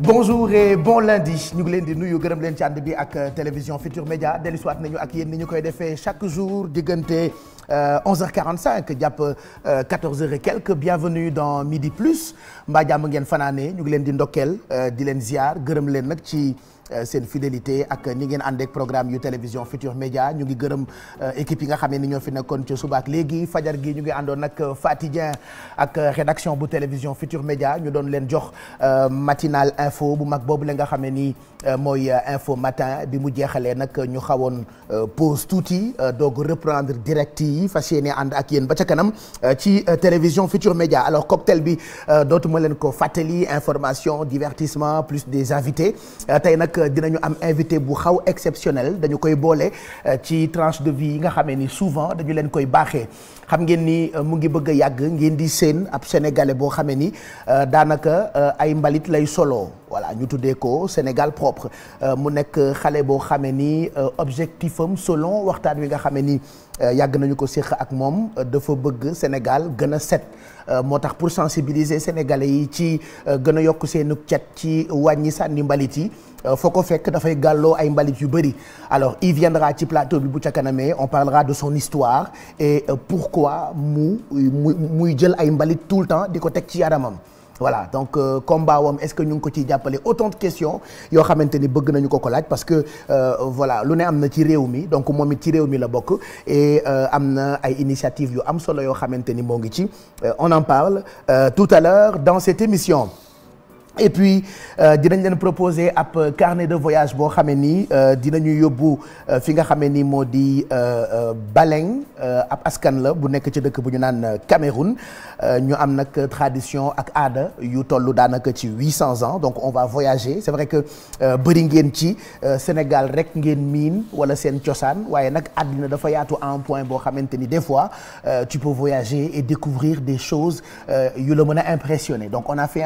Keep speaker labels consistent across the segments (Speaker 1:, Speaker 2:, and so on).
Speaker 1: bonjour et bon lundi ñu ngi leen di nuyu gërëm leen ci ànd bi ak euh, télévision Futur Média dellusiwaat nañu ak yéen ni koy defee chaque jour diggante 11h45 euh, jàpp 14h euh, et quelques bienvenue dans Midi Plus mbaa jàmm ngeen fanaanee ñu ngi leen di ndokkeel di leen ziar gërëm leen nag ci. Euh, seen fidélité ak ni ngeen ànd ak programme yu télévision Futur Média ñu ngi gërëm euh, équipe yi nga xam ne ni ñoo fi nekkoon ci suba ak léegi fajar gi ñu ngi àndoon ak euh, Fatidien ak rédaction bu télévision Futur Média ñu doon leen jox matinal info bu mag boobu la nga xam ne nii mooy info matin bi mu jeexalee nag ñu xawoon pause tuuti doog reprendre direct yi fas yéene ànd ak yéen ba ca kanam ci télévision Futur Média alors cocktail bi dootuma leen ko fàttali information divertissement plus des invités tey nag dinañu am invité bu xaw exceptionnel dañu koy boole euh, ci tranche de vie yi nga xamee ni souvent dañu leen koy baaxee xam ngeen nii euh, mu ngi bëgg a yàgg ngeen di seen ab sénégalais boo xamee ni euh, daanaka ay mbalit lay solo voilà ñu tuddee ko Sénégal propre mu nekk xale boo xamee ni objectif am selon waxtaan wi nga xamee ni yàgg nañu ko séq ak moom dafa bëgg Sénégal gën a set moo tax pour sensibiliser sénégalais yi ci gën a yokk seenu cet ci wàññi sànni mbalit yi. Euh, foo ko fekk dafay gàlloo ay mbalit yu bëri alors il viendra ci plateau bi bu ca on parlera de son histoire et euh, pourquoi mu mu muy jël ay mbalit tout le temps di ko teg ci yaramam. voilà donc euh, combat wam est-ce que ñu ngi ko ciy jàppale autant de questions yoo xamante ni bëgg nañu ko ko laaj parce que euh, voilà lu ne am na ci réew mi donc moom it ci réew mi la bokk e am na ay initiative yu am solo yoo xamante ni moo ngi ci on en parle euh, tout à l'heure dans cette émission et puis euh, dinañ leen proposer ab carnet de voyage boo xamee ni euh, dinañu yóbbu euh, fi nga xamee nii moo di Baleng ab askan la bu nekk ci dëkk bu ñu naan Cameroun ñu am nag tradition ak aada yu toll daanaka ci huit cents ans donc on va voyager c'est vrai que bëri ngeen ci Sénégal rek ngeen miin wala seen cosaan waaye nag àddina dafa yaatu en point boo xamante ni des fois tu peux voyager et découvrir des choses yu la mën a impressionner donc on a fait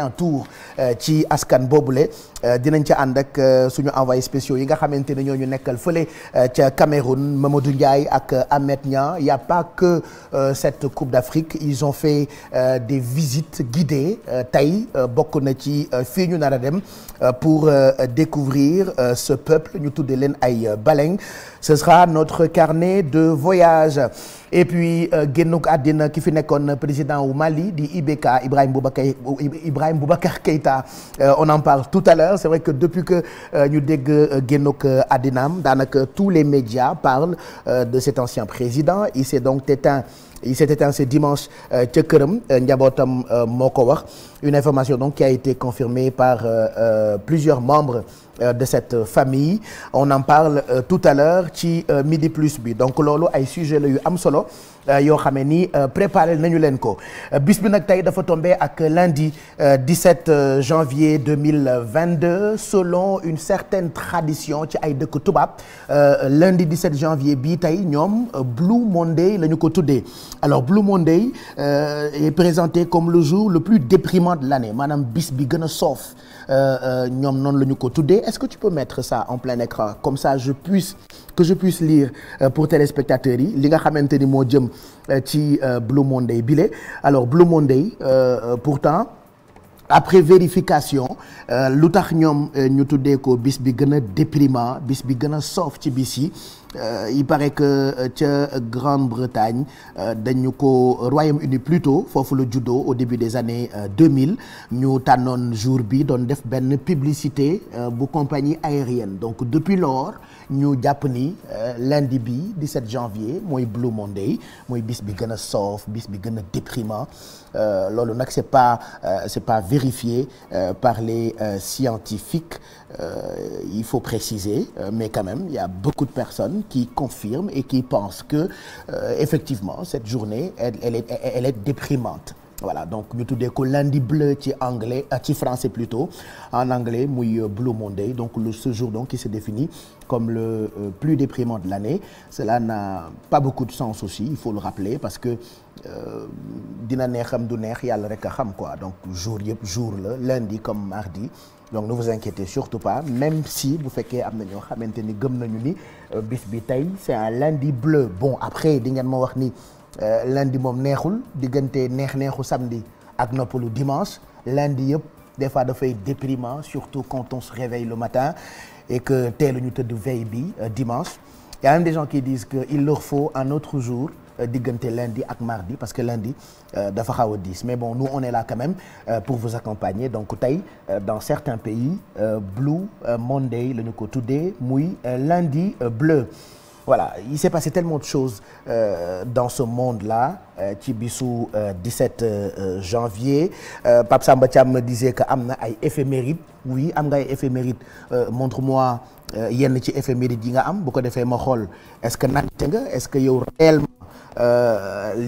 Speaker 1: ci askan boobu boobule euh, dinañ ca ànd ak euh, suñu envoyé spéciaux yi nga xamante ne ñoo ñu nekkal fële euh, ca Cameroun Mamadou Ndiaye ak Ahmed Niang y' a pas que cette Coupe d' Afrique ils ont fait des visites guidées tey bokk na ci fii ñu nar a dem pour découvrir ce peuple ñu tuddee leen ay Baleng. ce sera notre carnet de voyage et puis euh, génnuk àddina ki fi nekkoon président wu Mali di IBK Ibrahim Boubacar Ibrahim Boubacar Keïta euh, on en parle tout à l'heure c'est vrai que depuis que euh, ñu dégg génnuk àddinaam daanaka tous les médias parlent de cet ancien président il s'est donc éteint il s'est éteint ce dimanche ca këram njabootam moo ko wax une information donc qui a été confirmée par euh, plusieurs membres Euh, de cette famille on en parle euh, tout à l'heure ci euh, Midi Plus bi donc loolu ay sujet la yu am solo Euh, yoo xam ne nii euh, préparé nañu leen ko euh, bis bi nag tey dafa tombé ak lundi 17 janvier 2022 selon une certaine tradition ci ay dëkk tubaab lundi 17 janvier bii tey ñoom Blue Monday la ñu ko tuddee alors Blue Monday est présenté comme le jour le plus déprimant de l'année maanaam bis bi gën a soof ñoom noonu la ñu tuddee est-ce que tu peux mettre ça en plein écran comme ça je puisse que je puisse lire pour téléspectateurs yi li nga xamante ni moo jëm Euh, ci euh, Blue Monday bile alors Blue Monday euh, pourtant après vérification lu tax ñoom ñu tuddee ko bis bi gën a déprimant bis bi gën a soof ci bis yi il pare que ca Grande-Bretagne dañu ko Royaume-Uni plutôt foofu la juddoo au début des années mille ñu tànnoon jour bi doon def benn publicité bu compagnie aérienne donc depuis lors ñu jàpp ni euh, lundi bi 17 janvier mooy Blue Monday mooy bis bi gën a soof bis bi gën a déprimant euh, loolu nag c'est pas euh, c'est pas vérifié par les scientifiques il faut préciser mais quand même il y a beaucoup de personnes qui confirment et qui pensent que effectivement cette journée elle elle est elle est déprimante voilà donc ñu tuddee ko lundi bleu ci anglais euh, ci français plutôt en anglais muy euh, Blue Monday donc le ce jour donc qui se définit comme le euh, plus déprimant de l'année cela n'a pas beaucoup de sens aussi il faut le rappeler parce que dina neexam du neex yàlla rek xam quoi donc jour yëpp jour la lundi comme mardi donc ne vous inquiétez surtout pas même si bu fekkee am na ñoo xamante ni gëm nañu ni bis bi tey c'est un lundi bleu bon après di ngeen ma wax ni Euh, lundi moom neexul diggante neex neexu samedi ak noppalu dimanche lundi yëpp des fois dafay déprimant surtout quand on se réveille le matin et que teelu ñu tëdd veille bi euh, dimanche y a même des gens qui disent que il leur faut un autre jour euh, diggante lundi ak mardi parce que lundi dafa xaw a diis mais bon nous on est là quand même pour vous accompagner donc tey dans certains pays Blue Monday la ñu ko tuddee muy lundi bleu voilà il s'est passé tellement de choses euh, dans ce monde-là euh, ci bisu 17 euh, euh, janvier Pape Samba Thiam me disait que am na ay éphémérides oui am nga ay éphémérides montre-moi yenn ci éphémérides yi nga am bu ko defee ma xool est-ce que natte nga est-ce que yow réellement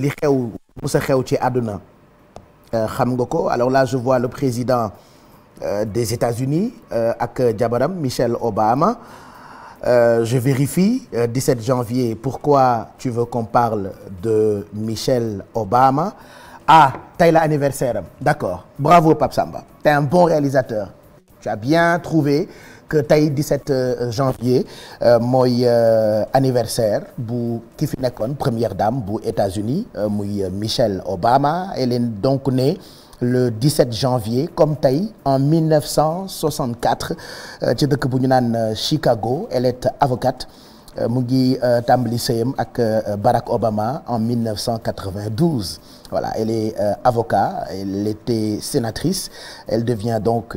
Speaker 1: li xew mu sa xew ci àdduna xam nga ko alors là je vois le président des États-Unis ak jabaram Michelle Obama Euh, je vérifie, euh, 17 janvier, pourquoi tu veux qu'on parle de Michelle Obama Ah, tey la anniversaire am d'accord bravo Pape Samba t'es un bon réalisateur tu as bien trouvé que tey 17 euh, janvier euh, mooy euh, anniversaire bu ki fi nekkoon première dame bu États-Unis euh, muy Michelle Obama elle est donc née le 17 janvier comme tey en 1964 euh, ci dëkk bu ñu naan euh, Chicago elle est avocate euh, mu ngi tàmbali sëyam ak Barack Obama en 1992 voilà elle est avocat elle était sénatrice elle devient donc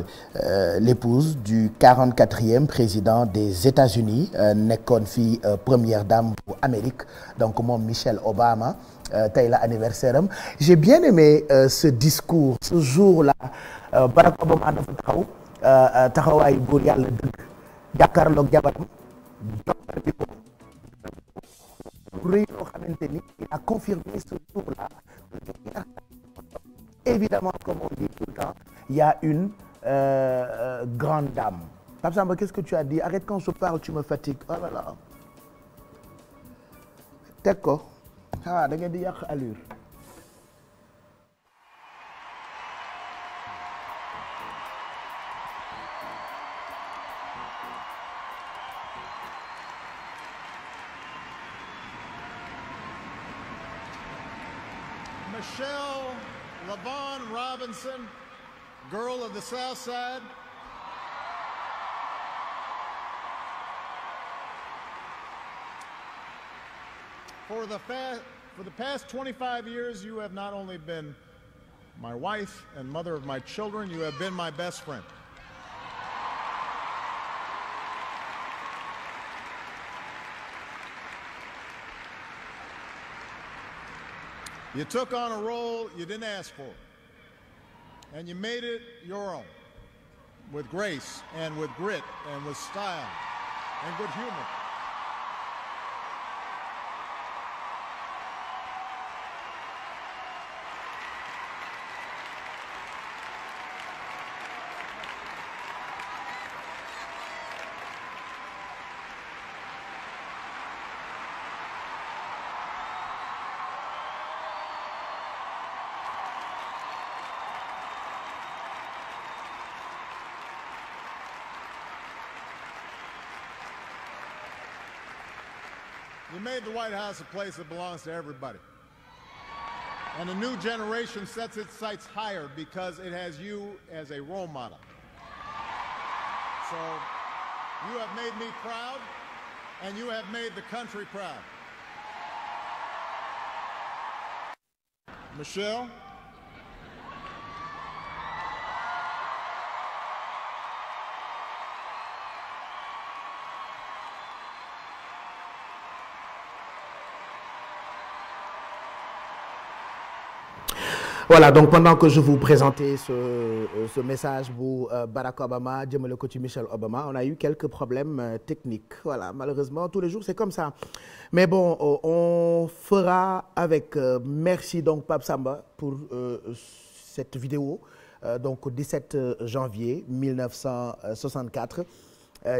Speaker 1: l'épouse du 44e président des États-Unis nekkoon fi première dame bu donc moom Michelle Obama Euh, tey la anniversaire am j'ai bien aimé euh, ce discours ce jour-là euh, Barack Obama dafa taxaw taxawaayu buur yàlla dëgg jàkkaarloog jabaram joxar bi ko rëy loo xamante a confirmé ce jour-là évidemment comme on dit tout le temps a une grande dame Pape Samba qu'est-ce que tu as dit arrête qu'on se parle tu me fatigues oh là là teg ko ah da ngeen di yàq allure.
Speaker 2: Michelle LaVaughn Robinson, girl of the South Side. for the, fa- for the years, you have not only been my wife and mother of my children, you have been my best friend. You took on a role you didn't ask for, and you made it your own with grace and with grit and with style and good humor. We made the White House a place that belongs to everybody. And a new generation sets its sights higher because it has you as a role model. So you have made me proud, and you have made the country proud. Michelle?
Speaker 3: voilà donc pendant que je
Speaker 1: euh, message bu euh, Barack Obama jëmale ko ci Michelle Obama on a eu quelques problèmes euh, techniques voilà malheureusement tous les mais bon on avec merci donc Pape Samba pour cette vidéo donc 17 janvier 1964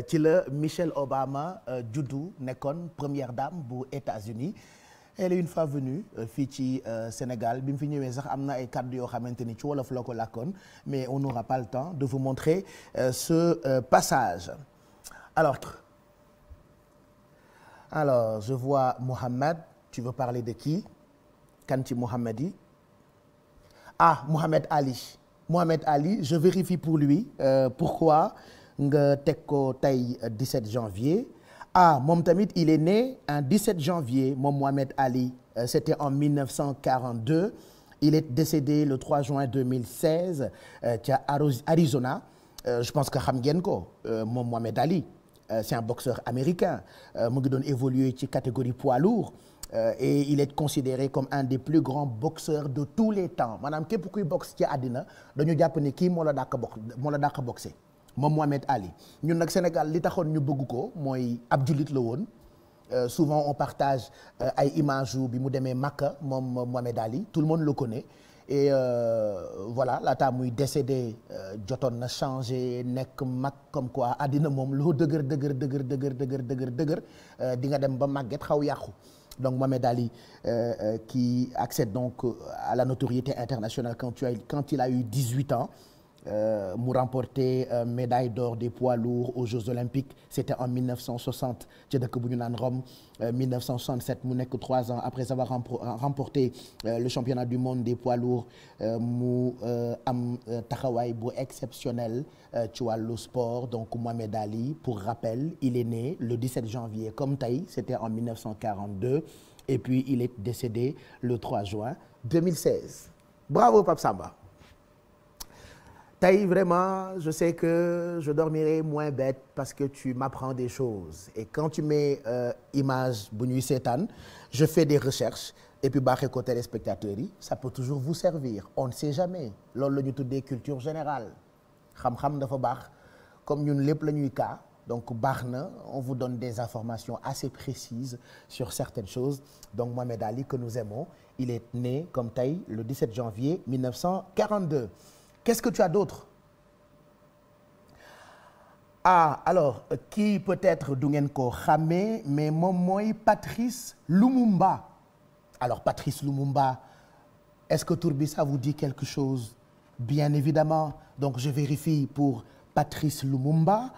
Speaker 1: ci la Michelle Obama juddu nekkoon première dame bu états elle est une fois venue euh, fii ci euh, Sénégal bi mu fi ñëwee sax am na ay kàddu yoo xamante ni ci wolof la ko mais on n'aura pas le temps de vous montrer euh, ce passage alors alors je vois Mohamed tu veux parler de qui kan ci Mohamed yi ah Mohamed Ali Mohamed je vérifie pour lui pourquoi nga teg ko tey 17 janvier ah moom tamit il est né un 17 janvier moom Mohamed Ali euh, c'était en 1942 il est décédé le 3 juin 2016 euh, ca Arizona euh, je pense que xam ngeen ko moom Mohamed Ali c'est un boxeur américain mu ngi doon évoluer ci catégorie poids lourd et il est considéré comme un des plus grands boxeurs de tous les temps maanaam képp kuy boxe ci àddina dañu jàpp ni kii moo la dàq box moo dàq boxer moom Mohamed Ali ñun nag Sénégal li taxoon ñu bëgg ko mooy ab jullit la woon euh, souvent on partage euh, ay images yu bi mu demee Makka moom Mohamed Ali tout le monde le connaît et euh, voilà laata muy décédé jotoon na changé nekk mag comme quoi àddina moom loo dëgër dëgër dëgër dëgër dëgër dëgër dëgër di nga dem ba màgget xaw yàqu donc Mohamed Ali qui accède donc à la notoriété internationale quand tu as quand il a eu 18 ans Euh, mu remporté euh, médaille d'or des poids lourds aux Jeux olympiques c'était en 1960 ci dëkk bu ñu naan Rome 1967 euh, mu nekk trois ans après avoir remporté le championnat du monde des poids lourds mu am taxawaay bu exceptionnel ci wàllu sport donc Mohamed Ali pour rappel il est né le 17 janvier comme tey c'était en 1942 et puis il est décédé le 3 juin 2016 bravo Pape tey vraiment je sais que je moins bête parce que tu m'apprends des choses et quand tu mets euh, bu ñuy seetaan je fais des recherches baaxee ko téléspectateurs yi ça peut toujours vous servir on ne loolu la ñu tuddee culture générale xam dafa baax comme ñun lépp la ñuy cas donc baax na on vous donne des informations assez précises sur certaines choses donc Mohamed Ali que nous aimons il comme tey le 17 janvier 1942 Qu'est-ce que tu as d'autre ah alors kii peut-être du ngeen ko xàmmee mais moom mooy Patrice Lumumba alors Patrice Lumumba est-ce que tur bi ça vous dit quelque chose bien évidemment donc je vérifie pour Patrice Lumumba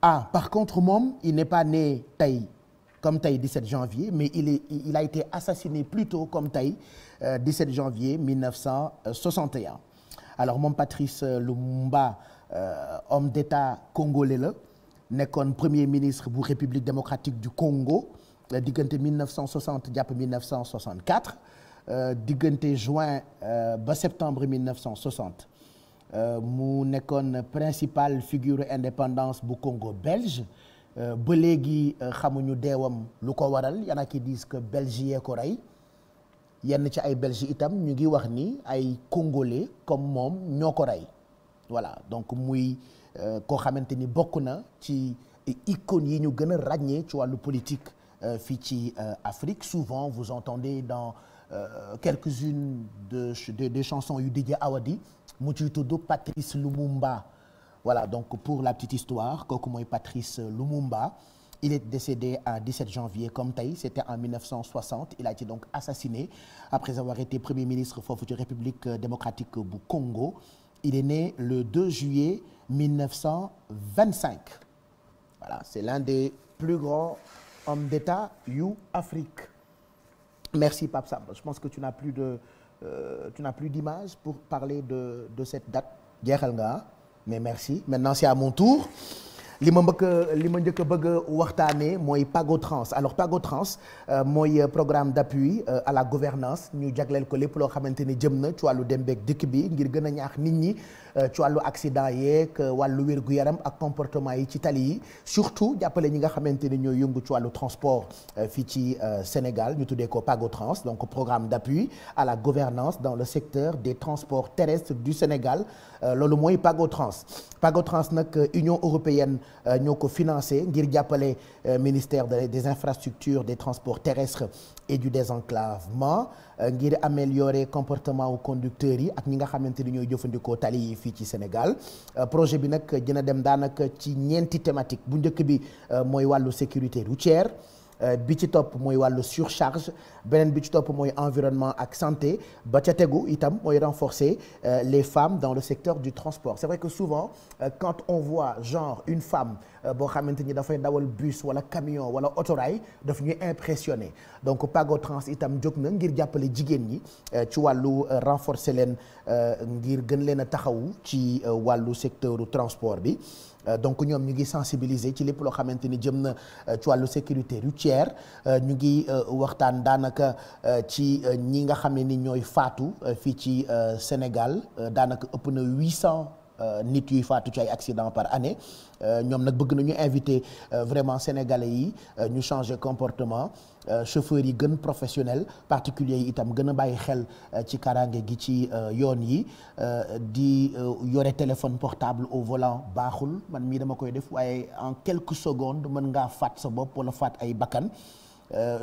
Speaker 1: ah par contre moom il n'est pas né tey comme tey 17 janvier mais il est il a été assassiné plus tôt comme tey euh, 17 janvier 1961 alors moom Patrice euh, Lumumba euh, homme d'État congolais la nekkoon premier ministre bu République démocratique du Congo euh, diggante 1960 jàpp 1964 diggante juin ba septembre 1960 mu nekkoon principal figure indépendance bu Congo belge ba léegi xamuñu deewam lu ko waral y en a qui disent que Belge ko rey yenn ci ay belge itam ñu ngi wax ni ay congolais comme moom ñoo ko rey voilà donc muy euh, koo xamante ni bokk na ci icônes yi ñu gën a ràññee ci wàllu politique euh, fii ci euh, Afrique souvent vous entendez dans quelques-unes de des chansons yu DJ Awadi mu ciy tudd Patrice Lumumba voilà donc pour la petite histoire kooku mooy Patrice Lumumba il est décédé un 17 janvier comme tey c'était en 1960 il a été donc assassiné après avoir été premier ministre foofu ci République démocratique bu Congo le 2 juillet 1925 voilà c'est l'un des plus grands hommes d'État yu Afrique merci Pape Samba je pense que tu plus de euh, tu d'image pour parler de de cette date jeexal nga mais merci maintenant c'est à li ma mbëkk li ma njëkk a bëgg waxtaanee mooy PAGOTRANS alors PAGOTRANS euh, mooy programme d'appui euh, à la gouvernance ñu jagleel ko lépp loo xamante ni jëm na ci wàllu dem beeg dikk bi ngir gën a ñaax nit ñi Euh, ci wàllu accident yeeg euh, wàllu wér yaram ak comportement yi ci tali yi surtout jàppale ñi nga xamante ni ñooy yëngu ci wàllu transport euh, fii ci Sénégal ñu tuddee ko PAGOTRANS donc programme d'appui à la gouvernance dans le secteur des transports terrestres du Sénégal loolu mooy PAGOTRANS PAGOTRANS nag Union européenne ñoo ko financé ngir jàppale ministère des infrastructures des transports terrestres et du désenclavement Euh, ngir améliorer comportement wu conducteurs yi ak ñi nga xamante ni ñooy jëfandikoo tali yi fii ci Sénégal euh, projet bi nag dina dem daanaka ci ñeenti thématique bu njëkk bi euh, mooy wàllu sécurité routière Euh, bi ci topp mooy wàllu surcharge beneen bi ci topp mooy environnement ak santé ba ca tegu itam mooy renforcer euh, les femmes dans le secteur du transport c'est vrai que souvent euh, quand on voit genre une femme boo xamante ni dafay dawal bus wala camion wala autorail daf ñuy impressionné donc Pagotrans itam jóg na ngir jàppale jigéen ñi ci wàllu renforcer leen ngir gën leen a taxawu ci wàllu secteur transport bi Euh, donc ñoom ñu ngi sensibiliser ci lépp loo xamante ni jëm na euh, ci wàllu sécurité routière euh, ñu ngi waxtaan daanaka ci ñi nga xam ne ni ñooy faatu fii ci Sénégal daanaka ëpp na 800 nit yuy faatu ci ay accident par année ñoom nag bëgg nañu inviter vraiment sénégalais yi ñu changer comportement Euh, chauffeurs yi gën professionnel particulier yi itam gën a bàyyi xel euh, ci karange gi ci euh, yoon yi di yore téléphone portable au volant baaxul man mii dama koy def waaye en quelques secondes mën ngaa faat sa bopp wala faat ay bakkan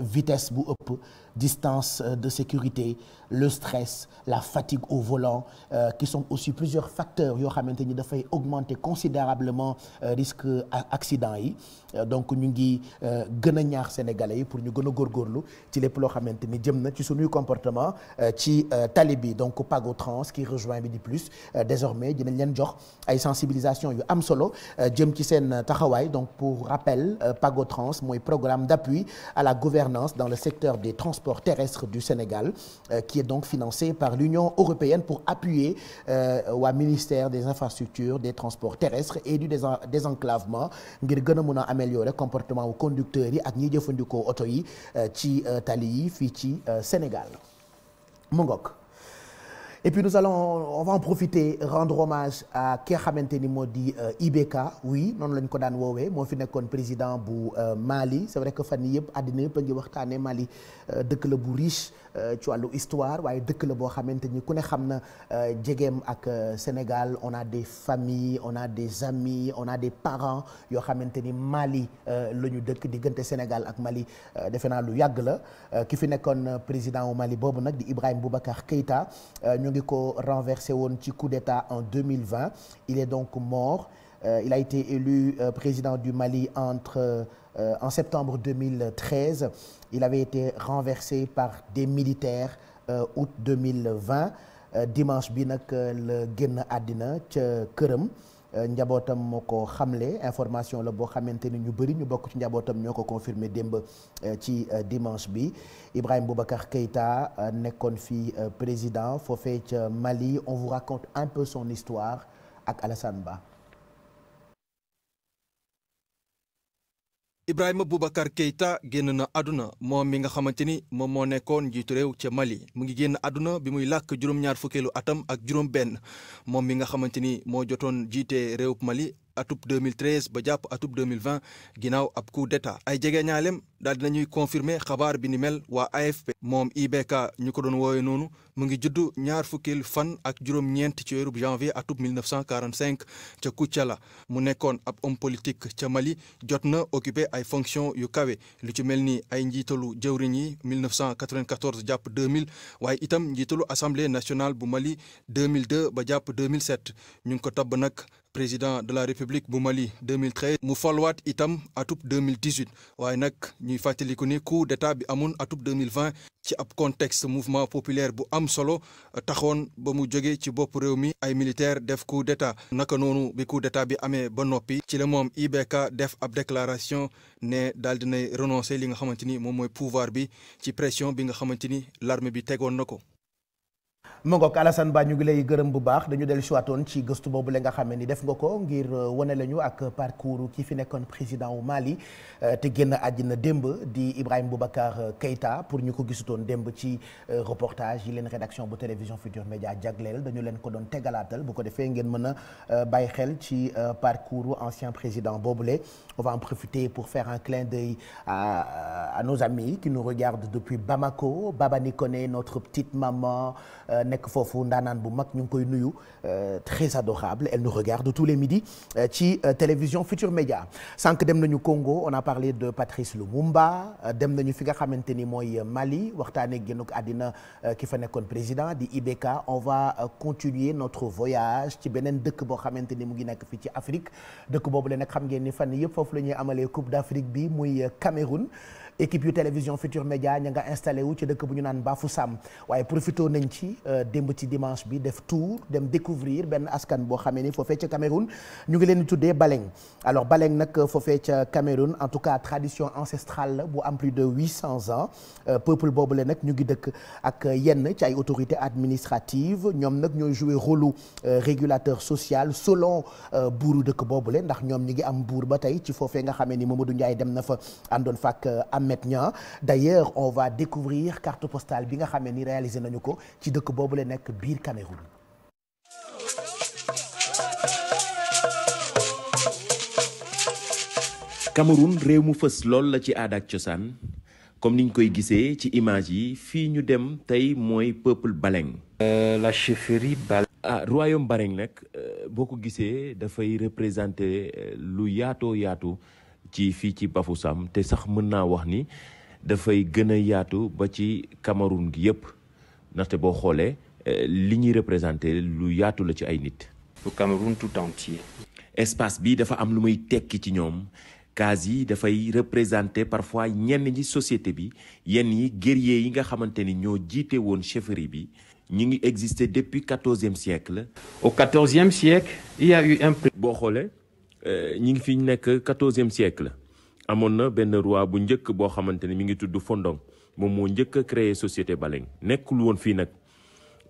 Speaker 1: vitesse bu ëpp distance euh, de sécurité le stress la fatigue au volant euh, qui sont aussi plusieurs facteurs yoo xamante ni dafay augmenter considérablement euh, risque accident yi euh, donc ñu ngi euh, gën a ñaax sénégalais yi pour ñu gën a góorgóorlu ci lépp loo xamante ni jëm na ci suñuy comportement ci tali bi donc Pago Trans qui rejoint bi di plus désormais dinañ leen jox ay sensibilisation yu am solo jëm ci seen taxawaay donc pour rappel Pago Trans mooy programme d'appui à la gouvernance dans le secteur des transports transport terrestre du Sénégal euh, qui est donc financé par l'Union européenne pour appuyer euh, waa ministère des infrastructures des transports terrestres et du désenclavement ngir gën a mun a améliorer comportement wu conducteurs yi ak ñiy jëfandikoo oto yi euh, ci tali yi fii ci Sénégal mu et puis nous allons on va en profiter rendre hommage à ki nga xamante ni moo di euh, IBK oui noonu lañ ko daan woowee moo fi nekkoon président bu euh, Mali c'est vrai que fan yii yëpp àddina yëpp a ngi waxtaanee Mali euh, dëkk la bu riche. Euh, ci wàllu histoire waaye dëkk la boo xamante ni ku ne xam na euh, jegeem ak euh, Sénégal on a des familles on a des amis on a des parents yoo xamante ni Mali la ñu dëkk diggante Sénégal ak Mali defe naa lu yàgg la ki fi nekkoon président wu Mali boobu nag di Ibrahim Boubacar Keïta ñu ngi ko renversé woon ci coup d'état en 2020 il est donc mort Euh, il a été élu euh, président du Mali entre euh, en septembre 2013. Il avait été renversé par des militaires août 2020 dimanche bi nag la génn àddina ca këram. njabootam moo ko xamle information la boo xamante ni ñu bëri ñu bokk ci njabootam ñoo ko confirmé démb ci dimanche bi ibrahim Boubacar Keïta nekkoon fi président foofee ca Mali on vous raconte un peu son histoire ak Alassane Ba.
Speaker 3: Ibrahima Boubacar Keita génn na àdduna moom mi nga xamante ni moom moo nekkoon njiitu réew ca Mali mu ngi génn àdduna bi muy làkk juróom-ñaar fukkeelu atam ak juróom benn moom mi nga xamante ni moo jotoon jiite réew Mali atub 2013 ba jàpp atub 2020 ginnaaw ab coup d'état ay jegeñaaleem daal di ñuy confirmer xabaar bi ni mel waa AFP moom IBK ñu ko doon woowe noonu mu ngi juddu ñaar fukkil fan ak juróom-ñeent ci weerub janvier atub 1945 ca la mu nekkoon ab homme politique ca Mali jot na occupé ay fonction yu kawe lu ci mel ni ay njiitalu jëwriñ yi 1994 jàpp 2000 waaye itam njiitalu assemblée nationale bu Mali 2002 ba jàpp 2007 ñu ngi ko tabb nag président de la république bu Mali 2013 mu falwaat itam atub 2018 waaye nag ñuy fàttaliku ni coup d'état bi amoon atub 2020 ci ab contexte mouvement populaire bu am solo euh, taxoon ba mu jóge ci bopp réew mi ay militaire def coup d'état naka noonu bi coup d'état bi amee ba noppi ci la moom IBK def ab déclaration ne daal dinay renoncer li nga xamante ni moom mooy pouvoir bi ci pression bi nga xamante ni l'armée bi tegoon na ko
Speaker 1: mu ngoog Alassane Ba ñu ngi lay gërëm bu baax dañu dellu siwaatoon ci gëstu boobu la nga xam ni def nga ko ngir euh, wane lañu ak parcours kii fi nekkoon président wu Mali euh, te génn àddina démb di Ibrahima Boubacar euh, Keïta pour ñu ko gisutoon démb ci reportage yi leen rédaction bu télévision Futur Média jagleel dañu leen ko doon tegalaatal bu ko defee ngeen mën a bàyyi xel ci parcours ancien président boobule on va en profiter pour faire un clin d'œil à, à nos amis qui nous regardent depuis Bamako Baba nekk foofu ndaanaan bu mag ñu ngi koy nuyu euh, très adorable elle nous regarde tous les midis euh, ci euh, télévision Futur Média sànq dem nañu Congo on a parlé de Patrice Lumumba dem nañu fi nga xamante ni mooy Mali waxtaanee génnuk àddina ki fa nekkoon président di IBK on va continuer notre voyage ci beneen dëkk boo xamante ni mu ngi nekk fii ci Afrique dëkk boobu la nag xam ngeen ni fan yëpp foofu la ñuy amalee Coupe d'Afrique bi muy Cameroun. équipe yu télévision Futur Média ña nga wu ci dëkk bu ñu naan baa Bafoussam waaye profité nañ ci euh, démb ci dimanche bi def tour dem découvrir benn askan boo xamee ni foofee ca Cameroun ñu ngi leen di tuddee Baleng alors Baleng nag foofee ca Cameroun en tout cas tradition ancestrale bu am plus de huit cents ans euh, peuple boobu la nag ñu ngi dëkk ak yenn ci ay autorités administratives ñoom nag ñooy jouer rôle euh, régulateur social selon buuru dëkk boobu la ndax ñoom ñu ngi am buur ba tey ci foofee nga xamee ni Mamadou Ndiaye dem na fa àndoon Ahmed Niang d'ailleurs on va découvrir carte postale bi nga xam ne ni réalisé nañu ko ci dëkk boobu la nekk biir Cameroun.
Speaker 4: Cameroun réew mu fës lool la ci aada ak cosaan comme niñ koy gisee ci image yi fii ñu dem tey mooy peuple Baleng. Euh, la chefferie Baleng. ah royaume Baleng nag euh, boo ko gisee dafay représenter euh, lu yaatoo yaatu. ci fii ci bafu Bafoussam te sax mën naa wax ni dafay gën a yaatu ba ci Cameroun gi yëpp ndaxte boo xoolee eh, li ñuy représenté lu yaatu la ci ay nit. pour Cameroun tout entier. espace bi dafa am lu muy tekki ci ñoom case yi dafay représenté parfois ñenn ñi société bi yenn yi guerrier yi nga xamante ni ñoo jiite woon chefferie bi ñu ngi existe depuis quatorzième siècle. au quatorzième siècle il y a eu un. boo xoolee. Euh, ñi ngi fi nekk quatorzième siècle amoon na benn roi bu njëkk boo xamante ne mi ngi tudd Fondong moom moo njëkk a créé société Baleng nekkul woon fii nag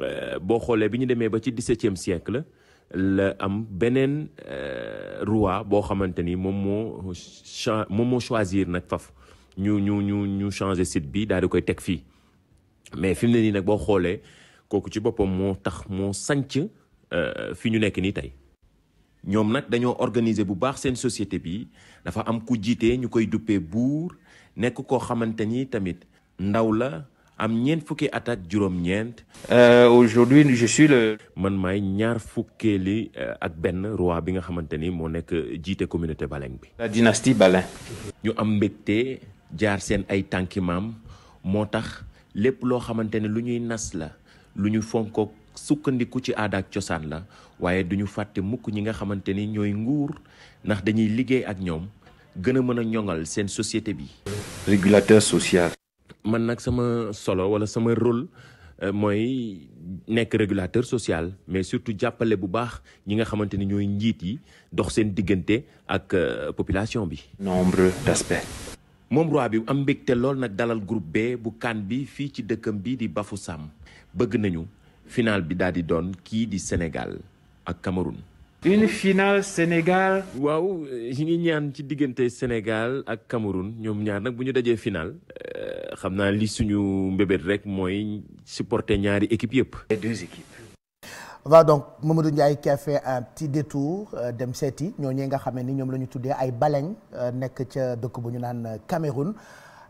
Speaker 4: euh, boo xoolee bi ñu demee ba ci dix-septième siècle la am beneen euh, roi boo xamante ni moom moo cha moom moo choisir nag faf ñu ñu ñu ñu changer site bi daal di koy teg fii mais fi ne nii nag boo xoolee kooku ci boppam moo tax moo sanc fi ñu nekk nii tey. ñoom nag dañoo organiser bu baax seen société bi dafa am ku jiite ñu koy duppee buur nekk koo xamante ni tamit ndaw la am ñeent fukki at ak juróom-ñeent. Euh, aujourd'hui je suis le. man maay ñaar fukkeeli euh, ak benn roi bi nga xamante ni moo nekk jiite communauté Baleng bi. la dynastie Baleng. ñu am mbégte jaar seen ay tànki maam moo tax lépp loo xamante ni lu ñuy nas la lu ñu fonkook sukkandiku ci aada ak cosaan la waaye du ñu fàtte mukk ñi nga xamante ni ñooy nguur ndax dañuy liggéey ak ñoom gën a mën a ñoŋal seen société bi. régulateur social. man nag sama solo wala sama rôle euh, mooy nekk régulateur social mais surtout jàppale bu baax ñi nga xamante ni ñooy njiit yi dox seen diggante ak euh, population bi. nombre d'aspects. moom roi bi am mbégte lool nag dalal groupe B bu kan bi fii ci dëkkam bi di bafu sàmm bëgg nañu. final bi daal di doon kii di Sénégal ak Cameroun. une finale Sénégal. waaw ñu ngi ñaan ci diggante Sénégal ak Cameroun ñoom ñaar nag bu ñu dajee final euh, xam naa li suñu mbébét rek mooy supporter ñaari équipe yëpp. les deux équipes.
Speaker 1: voilà donc Mamadou Ndiaye qui un petit détour euh, dem seeti ñoo ñee nga xam ni ñoom la ñu tuddee ay baleñ euh, nekk ca dëkk bu ñu naan Cameroun.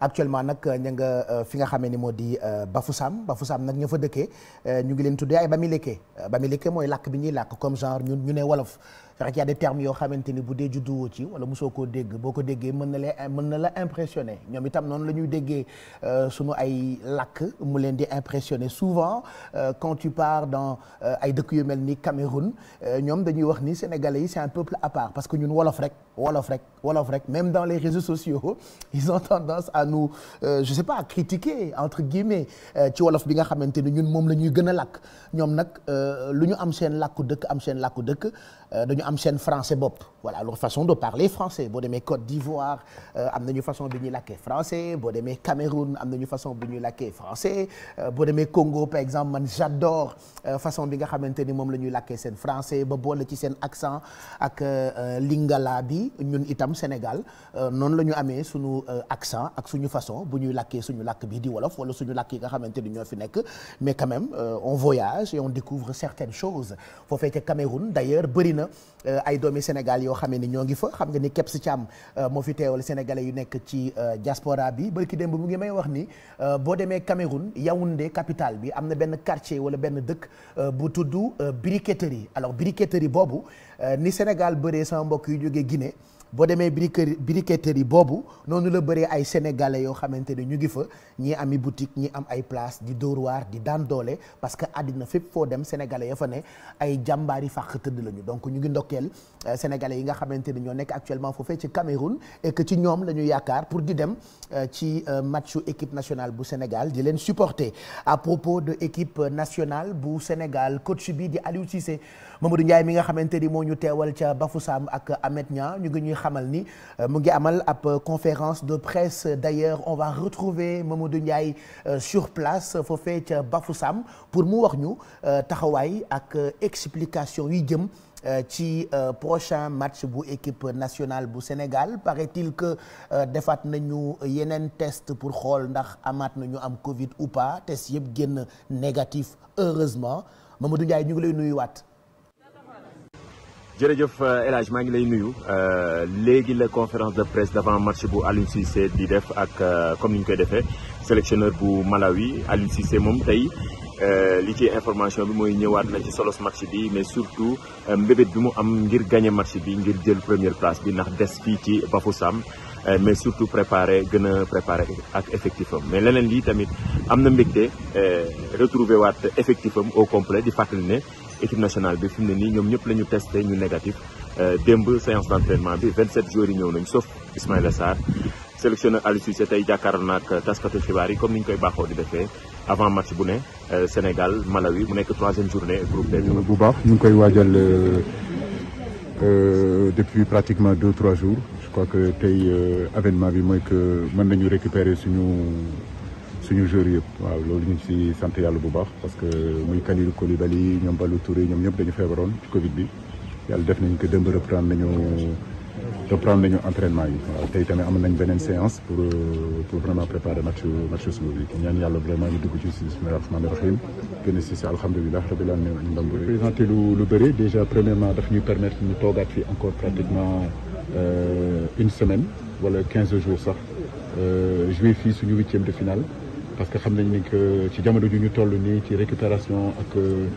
Speaker 1: actuellement nag euh, ña nga euh, fi nga xamee ni moo di bafu bafu sam nag ña fa dëkkee euh, ñu ngi leen tuddee ay Bamileke Bamileke mooy làkk bi ñuy làkk comme genre ñun ñu ne wolof rek y a des termes yoo xamante ni bu dee judduwoo ci wala mosoo koo dégg boo ko déggee mën na la mën na la impressionné ñoom itam noonu la ñuy déggee sunu ay làkk mu leen di impressionné souvent quand tu pars dans ay dëkk yu mel ni Cameroun ñoom dañuy wax ni sénégalais yi c'est un peuple parce que ñun wolof rek. wolof rek wolof rek même dans les réseaux sociaux ils ont tendance à nu euh, je sais pas à critiquer entre guillemets euh, ci wolof bi nga xamante ni ñun moom la ñuy gën a làkk ñoom nag euh, lu ñu am seen lakku dëkk am seen lakku dëkk euh, dañu am seen français bopp voilà leur façon de parler français boo demee Côte d'Ivoire am nañu façon bi ñuy làkkee boo demee Cameroun am nañu façon bi ñuy làkkee français boo demee Congo par exemple man j'adore façon bi nga xamante ni moom la ñuy lakkee seen français ba boole ci seen accent ak lingala bi ni ñun itam Sénégal euh, noonu la ñu amee suñu euh, accent ak suñu façon bu ñuy lakkee suñu lakk bi di wolof wala suñu làkk yi nga xamante ni ñoo fi nekk mais quand même euh, on voyage et on découvre certaines choses foofee ca Cameroun d'ailleurs bëri na ay doomi Sénégal yoo xam ne ñoo ngi fa xam nga ni Kebs Thiam moo fi teewal sénégalais yu nekk ci diaspora bi barki démb mu ngi may wax ni boo demee Cameroun Yaoundé capital bi am na benn quartier wala benn dëkk bu tudd briqueterie alors briqueterie boobu. Euh, ni Sénégal bëree sama mbokk yu jógee Guinée boo demee briqueterie yi boobu noonu la bëree ay sénégalais yoo xamante ne ñu ngi fa ñi ami boutique ñi am ay place di dóor waar di daan doole parce que àddina fépp foo dem sénégalais ya fa ne ay jàmbaar yi fàq tëdd lañu donc ñu ngi ndokkeel euh, sénégalais yi nga xamante ne ñoo nekk actuellement foofee ci Cameroun et ci ñoom la ñu yaakaar pour di dem euh, ci matchu équipe nationale bu Sénégal di leen supporter à propos de équipe nationale bu Sénégal coach bi di Aliou Cissé Mamadou Ndiaye mi nga xamante ni moo ñu teewal ca Bafoussam ak Ahmed Niang ñu ngi ñuy xamal ni euh, mu ngi amal ab euh, conférence de presse d'ailleurs on va retrouver Mamadou Ndiaye euh, sur place foofee ca Bafoussam pour mu wax ñu taxawaay ak explication yi jëm ci prochain match bu équipe nationale bu Sénégal paraît-il que defaat nañu yeneen test pour xool ndax amaat nañu am Covid ou pas test yëpp génn négatif heureusement du Ndiaye ñu ngi lay nuyuwaat.
Speaker 4: jërëjëf euh, El maa ngi lay nuyu euh, léegi la conférence de presse d'avant match bu Aliou Cissé di def ak euh, comme ni ñu koy defee sélectionneur bu Malawi Aliou Cissé moom tey li ci information bi mooy ñëwaat na ci solos match bi mais surtout mbébét bi mu am ngir gagné match bi ngir jël première place bi ndax des fii ci Bafoussam mais surtout préparé gën a préparé ak effectif am mais leneen lii tamit am na mbégte retrouver waat effectif au complet di fàttali ne équipe nationale bi fi ne nii ñoom ñëpp la ñu testé ñu négatif euh, démb séance d' entraînement bi 27 joueurs yi ñëw nañ sauf Ismaïla Sarr sélectionneur Aliou Cissé tey jàkkaarloo naag taskatu xibaar yi comme ni ñu koy baaxoo di defee avant match bu ne euh, Sénégal Malawi mu nekk troisième journée groupe B.
Speaker 2: bu baax ñu ngi koy waajal euh, depuis pratiquement deux trois jours je crois que tey avènement bi mooy que mën nañu récupérer suñu. suñu joueurs yëpp waaw loolu ñu ngi ci sant yàlla bu baax parce que muy Kalidou Koulibaly ñoom Balou Touré ñoom ñëpp dañu feebaroon ci Covid bi yàlla def nañ ko dëmb reprendre nañu reprendre nañu entraînement yi waaw tey tamit am nañ beneen séance pour pour vraiment préparer match match suba bi ñaan yàlla vraiment ñu dugg ci si bismillahi rahmaani rahim génn si si alhamdulilah rabbil alamin añ ndam présenté lu lu bëri déjà premièrement daf ñuy permettre ñu toogaat fii encore pratiquement euh, une semaine wala quinze jours sax euh, jouer fii suñu huitième de finale parce que xam nañ ni que ci jamono ju ñu toll nii ci récupération ak euh,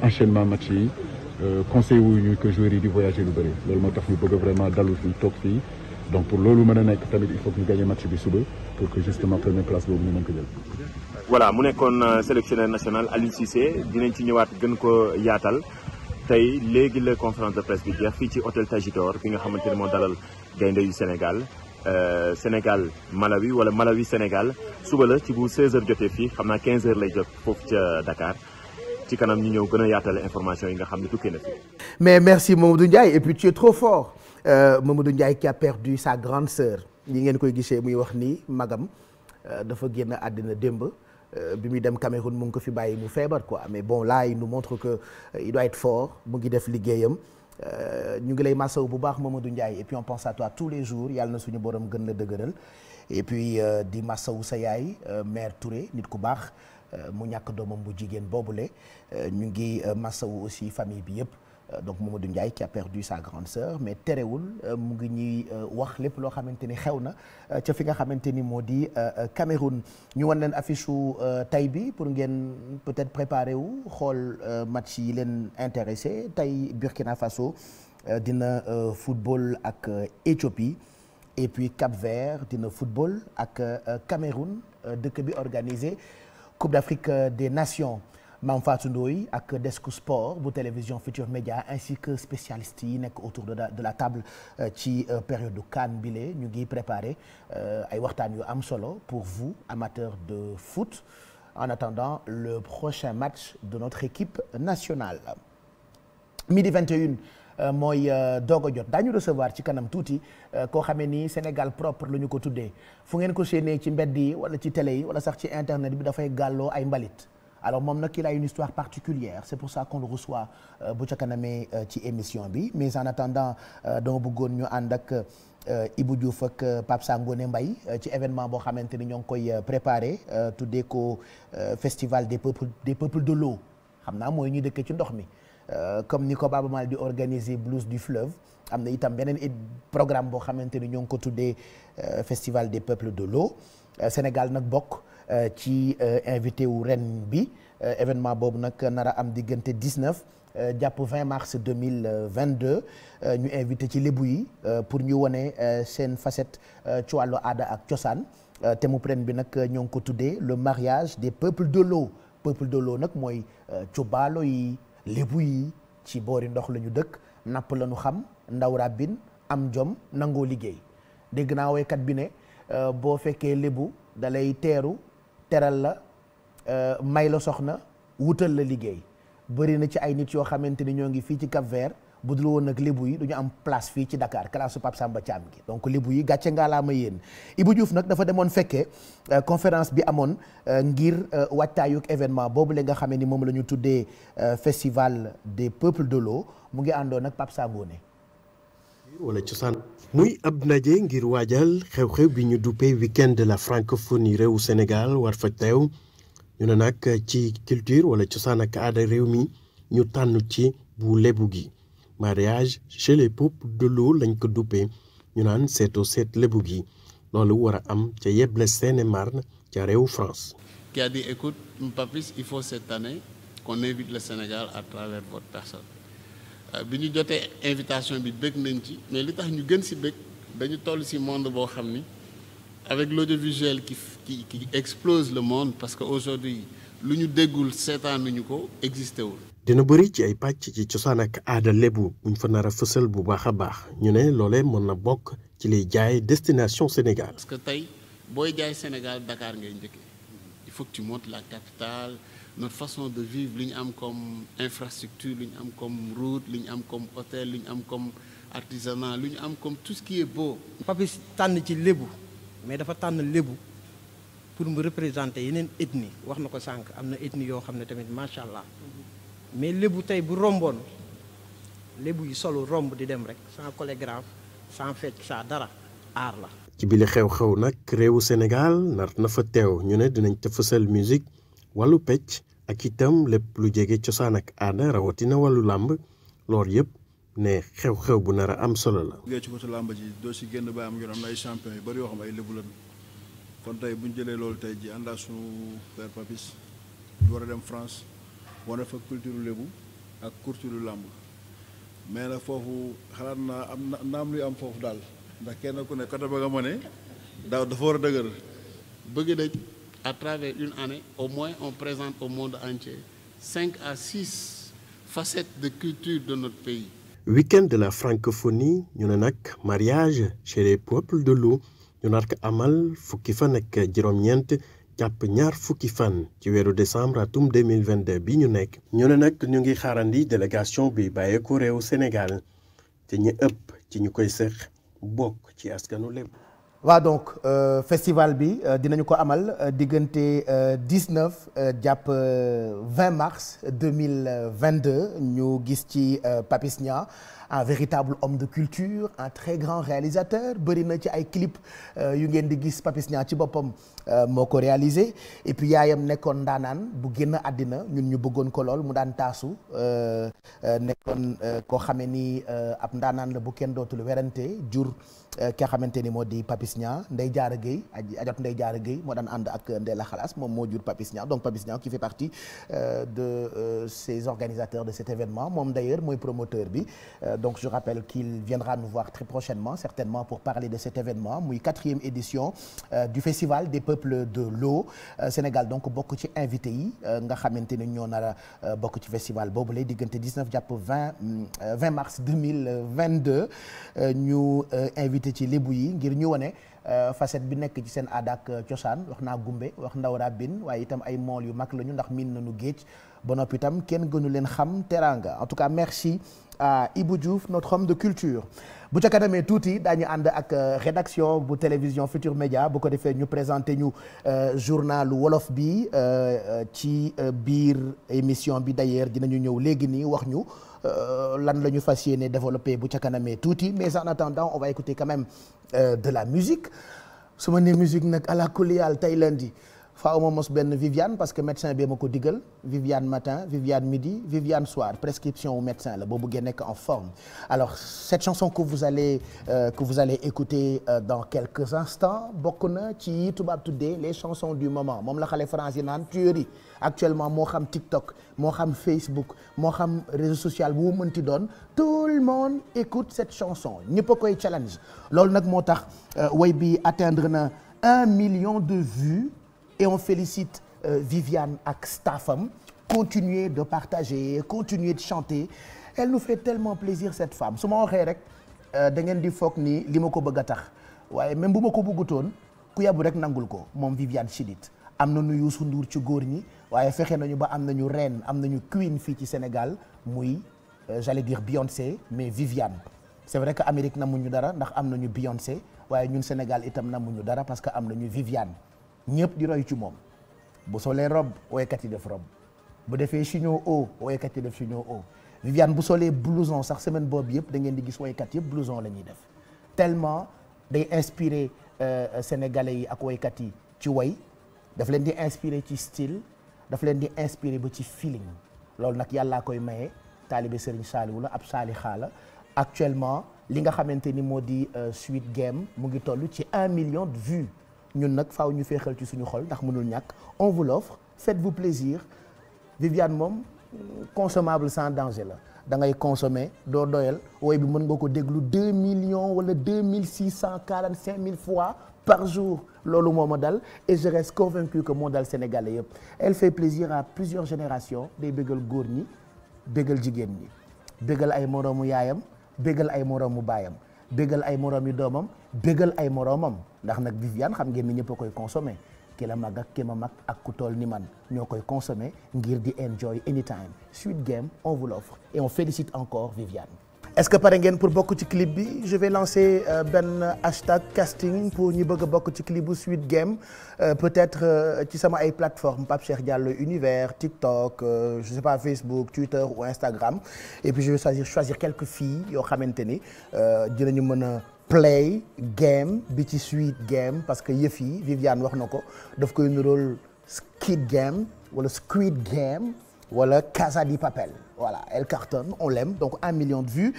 Speaker 2: enchaînement match yi euh, conseil wu ñu que joueurs yi di voyager lu bëri loolu moo tax ñu bëgg vraiment dalu fii toog fii donc pour loolu mën a nekk tamit il faut que ñu match bi suba pour que justement première place boobu ñu mën jël.
Speaker 4: voilà mu nekkoon euh, sélectionneur national Aliou Cissé dinañ ci ñëwaat gën ko yaatal tey léegi la conférence de presse bi jeex fii ci hôtel Tagidor bi nga xamante ne moo dalal gaynde yu Sénégal. Euh, Sénégal Malawi wala Malawi Sénégal suba la ci bu 16h jotee fii xam naa 15h lay jot foofu ca Dakar. ci kanam ñu ñëw gën a yaatale information yi nga xam ne tukkee na fi.
Speaker 1: mais merci Mamadou Ndiaye et puis tu es trop fort euh, du Ndiaye qui a perdu sa grande sœur ñi ngeen koy gisee muy wax nii magam euh, dafa génn àddina démb euh, bi muy dem Cameroun mu ngi ko fi bàyyi mu feebar quoi mais bon là il nous montre que il doit fort mu ngi def liggéeyam. Euh, ñu ngi lay masaw bu baax Mamadou Ndiaye et puis on pense à toi tous les jours yàlla na suñu borom gën la dëgëral et puis euh, di masawu sa yaay euh, mère Touré nit ku baax mu ñàkk doomam bu jigéen boobu le ñu ngi masawu aussi famille bi yëpp. Euh, donc Mamadou Ndiaye qui a perdu sa grande sœur mais terewul euh, mu ngi ñuy euh, wax lépp loo xamante ni xew na ca fi nga xamante ni moo di Cameroun ñu wan leen affiche u tay bi pour ngeen peut-être préparer wu xool match yi leen intéressé tey Burkina Faso dina football ak Éthiopie et puis Cap-Vert dina football ak Cameroun dëkk bi organisé Coupe d'Afrique des Nations Mame Fatou Ndoye ak Desku Sport bu télévision Futur Média ainsi que spécialistes yi nekk autour de la de la table euh, ci euh, période du CAN bile ñu ngi préparer euh, ay waxtaan yu am solo pour vous amateurs de foot en attendant le prochain match de notre équipe nationale. midi 21 mooy doog a jot daañu recevoir ci kanam tuuti koo xamee ni Sénégal propre lu ñu ko tuddee fu ngeen ko séenee ci mbedd yi wala ci télé yi wala sax ci internet bi dafay gàlloo ay mbalit. alors moom na kil a une histoire particulière c'est pour ça qu'on le reçoit euh, bu ca kanamee euh, ci émission bi mais en attendant euh, dama bëggoon ñu ànd ak Ibou Diouf ak Pape ne mbay ci événement boo xamante ne ñoo ngi koy préparé tuddee ko festival des peuples des peuples de l'eau xam naa mooy ñu dëkkee ci ndox mi comme ni ko Baaba Maal di organiser blues du fleuve am na itam beneen programme boo xamante ni ñoo ngi ko tuddee festival des peuples de l'eau Sénégal nag bokk Euh, ci euh, invité wu ren bi euh, événement boobu nag nar a am diggante 19 jàpp 20 mars 2022 ñu invité ci lébu yi pour ñu wone seen facette ci wàllu aada ak cosaan thème mu ren bi nag ñoo ngi ko tuddee le mariage des peuples de l'eau peuple de l'eau nag mooy cubaalo yi lébu yi ci boori ndox la ñu dëkk napp la ñu xam ndaw ràbbin am jom nangoo liggéey dégg naa woykat bi ne boo fekkee lébu dalay teeru teral la euh, may la soxna wutal la liggéey bëri na ci ay nit yoo xamante ni ñoo ngi fii ci Cap Vert bu dul woon nag lébu yi du ñu am place fii ci dakaar classe Pape Samba Thiam gi donc lébu yi gàcce ngaa laa ma yéen Ibou Diouf nag dafa demoon fekkee euh, conférence bi amoon euh, ngir waajtaayug événement boobu la nga xamee ni moom la ñu tuddee festival des peuples de l'eau mu ngi àndoon nag Pape Sangoné
Speaker 5: wala cosaan muy ab ndaje ngir waajal xew-xew bi ñu duppee week-end de la francophonie réewu Sénégal war fa teew ñu ne nag ci culture wala cosaan ak aada réew mi ñu tànn ci bu lebu gi mariage chez les peuples de l'eau lañ ko duppee ñu naan seetoo seet lebu gi loolu war a am ca Yeble Seine-et-Marne ca réew France.
Speaker 6: qui il faut cette année qu'on Euh, bi ñu jotee invitation bi bëgg nañ ci mais li tax ñu gën si bëgg dañu toll si monde boo xam ni avec l'audiovisuel qui qui qui explose le monde parce que aujourd'hui lu ñu déggul ñu ko existé wul.
Speaker 5: dina bëri ci ay pàcc ci cosaan ak aada lebu buñ fa nar a fësal bu baax a baax ñu ne loole mën na bokk ci liy jaay destination Sénégal. parce
Speaker 6: que tey booy jaay Sénégal dakaar ngay njëkkee il faut que tu montes la capitale. notre façon de vivre li ñu am comme infrastructure li ñu am comme route li ñu am comme hôtel li ñu am comme artisanat lu ñu am comme tout ce qui est tànn ci lébu mais dafa
Speaker 5: tànn lébu pour mu représenter yeneen ethnie wax na ko sànq am na ethnie yoo xam ne tamit macha allah mais lébu tey bu romboon lébu yi solo romb di dem rek sans chorégraphe sans fecc saa dara aar la. ci bile xew-xew nag réewu Sénégal nar na fa teew ñu ne dinañ te fësal musique wàllu pecc ak itam lépp lu jege cosaan ak aada rawatina wàllu làmb loolu yëpp ne xew-xew bu nar a am solo la.
Speaker 2: bu ci côté làmb ji doo si génn ba am yoon am na ay champion yu bëri yoo xam ay lébu la kon tey buñ jëlee loolu tey ji àndaa suñu Papis ñu war a dem France wane fa culture lébu ak culture làmb mais nag foofu xalaat naa am na naam luy am foofu daal ndax kenn ku ne côté ba nga ma ne daaw dafa war a
Speaker 6: dëgër bëgg nañ. à travers une au moins on présente au monde entier 5 à 6 facettes de culture de notre pays. week de la
Speaker 5: francophonie ñu ne nag mariage chez les peuples de l'eau ñu nar ko amal fukki fan ak juróom-ñeent jàpp ñaar fukki fan ci weeru décembre atum 2022 bi ñu nekk ñu ne nag ñu ngi xaarandi délégation bi bàyyeeko réew Sénégal te ñu ëpp ci ñu koy sëq bokk ci askanu lépp waa donc euh,
Speaker 1: festival bi euh, dinañu ko amal euh, diggante 19 euh, jàpp 20 mars 2022 ñu gis ci papisna un véritable homme de culture un très grand réalisateur bëri na ci ay clip euh, yu ngeen di gis Papis ci boppam euh, moo ko réaliser et puis yaayam nekkoon ndaanaan bu génn àddina ñun ñu bëggoon ko lool mu daan taasu euh, nekkoon koo xamee ni ab ndaanaan la bu kenn dootul werante jur ki xamante ni moo di Papis Niang Ndeye Diarra Gueye ajot Ndeye Diarra Gueye moo daan ànd ak Ndella Xalass moom moo jur papisina donc Papis Niang qui fait partie de ces organisateurs de cet événement moom d'ailleurs mooy promoteur bi donc je rappelle qu'il viendra nous voir très prochainement certainement pour parler de cet événement muy quatrième édition euh, du festival des peuples de l'eau euh, Sénégal donc bokk ci invité yi euh, nga xamante ne ñoo nar bokk ci festival boobule diggante 19 jàpp 20 20 mars 2022 ñu invité ci lébu yi ngir ñu wane facette bi nekk ci seen aada ak cosaan wax naa gumbe wax ndaw rabbin waaye itam ay mool yu mag lañu ndax miin nañu géej ba noppi itam kenn gënu leen xam teraanga en tout cas merci ah Ibou Diouf notre homme de culture bu ca kanamee tuuti daañu ànd ak euh, rédaction bu télévision Futur Média bu ko defee ñu présenté ñu euh, journalu wolof bi euh, ci biir émission bi d'ailleurs dinañu ñëw léegi nii wax ñu lan la ñu fas yéene développé bu ca kanamee tuuti mais en attendant on va écouter quand même de la musique su ma nee musique nag à la kuliyal tey lundi faaw ma mos benn Viviane parce que médecin bi ma ko digal Viviane matin Viviane midi Viviane soir prescription au médecin la boo bëggee nekk en forme alors cette chanson que vous allez euh, que vous allez écouter euh, dans quelques instants bokk na ci tubaab tuddee les chansons du moment moom la xale français naan actuellement moo xam TikTok moo xam Facebook moo xam réseau social bu ti doon tout le monde écoute cette chanson ñëpp a koy challenge loolu nag moo tax euh, way bi atteindre na un million de vues et on félicite euh, Viviane ak staffam continuer de partager continuer de chanter elle nous fait tellement plaisir cette femme su ma waxee rek euh, da di foog ni li ma ko bëgg a tax waaye même bu ma ko bëggutoon ku yabu rek nangul ko moom Viviane Chidid am na nu Youssou nduur ci góor ñi waaye fexe nañu ba am na ñu reine am na ñu queen fii ci Sénégal muy euh, j'allais dire Beyoncé mais Viviane c'est vrai que Amérique ñu dara ndax am nañu Beyoncé waaye ñun Sénégal itam namuñu dara parce que am nañu Viviane ñëpp di roy ci moom bu solee robe woykat yi def robe bu defee chignon haut woykat yi def chignon haut Viviane bu solee blouson sax semaine boobu yëpp da ngeen di gis woykat yëpp blouson la ñuy def tellement day inspiré euh, sénégalais yi ak woykat yi ci woy daf leen di inspiré ci style daf leen di inspiré ba ci feeling loolu nag yàllaa koy maye taalibe Serigne Saliou la ab saalixaa la actuellement li nga xamante ni moo di euh, Sweet Game mu ngi toll ci un million de ñun nag faw ñu féexal ci suñu xol ndax mënul ñàkk on vous l'offre faites-vous plaisir Viviane moom consommable sans danger la da ngay consommer doo doyal way bi mën nga ko déglu deux millions wala deux mille six cent quarante cinq mille fois par jour loolu moo ma dal et je reste convaincu que moo dal sénégalais yëpp elle fait plaisir à plusieurs générations day bégal góor ñi bégal jigéen ñi bégal ay moroomu yaayam bégal ay moroomu baayam bégal ay moroom yi doomam bégal ay moroomam ndax nag Viviane xam ngeen ni ñëpp koy consommé ki la mag ak ki ma mag ak ku toll ni man ñoo koy consommé ngir di enjoy anytime Sweet Game on vous l'offre et on félicite encore Viviane est-ce que pare ngeen pour bokk ci clip bi je vais lancer euh, benn hashtag casting pour ñu bëgg a bokk ci clip bu Sweet Game euh, peut-être euh, ci sama ay plateformes Pape Cheikh Diallo univers TikTok je sais pas Facebook Twitter ou Instagram et je vais choisir quelques filles yoo xamante ni dinañu mën a play game bi ci Sweet Game parce que yëf yi Viviane wax na ko daf koy niróol Skid Game wala Squid Game wala Casa di Papel. Voilà, elle cartonne, on l'aime, donc un million de vues.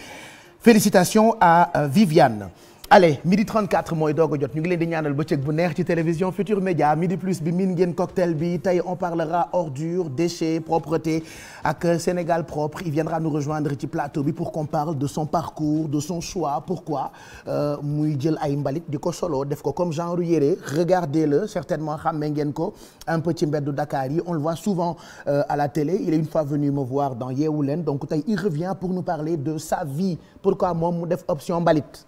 Speaker 1: Félicitations à euh, Viviane. allez midi 34 mooy doog a jot ñu ngi leen di ñaanal bëccëg bu neex ci télévision Futur Média midi plus bi miin ngeen cocktail bi tey on parlera ordures déchets propreté ak Sénégal propre ci plateau bi pour qu'on parle de son parcours de euh, muy jël ay mbalit di ko solo def ko comme genre yére regardez-le certainement xàmmee ngeen ko un peu ci mbeddu Dakar yi on souvent euh, à la télé il est une fois venu Leen donc tey il revient pour nous parler de sa moom mu def option mbalit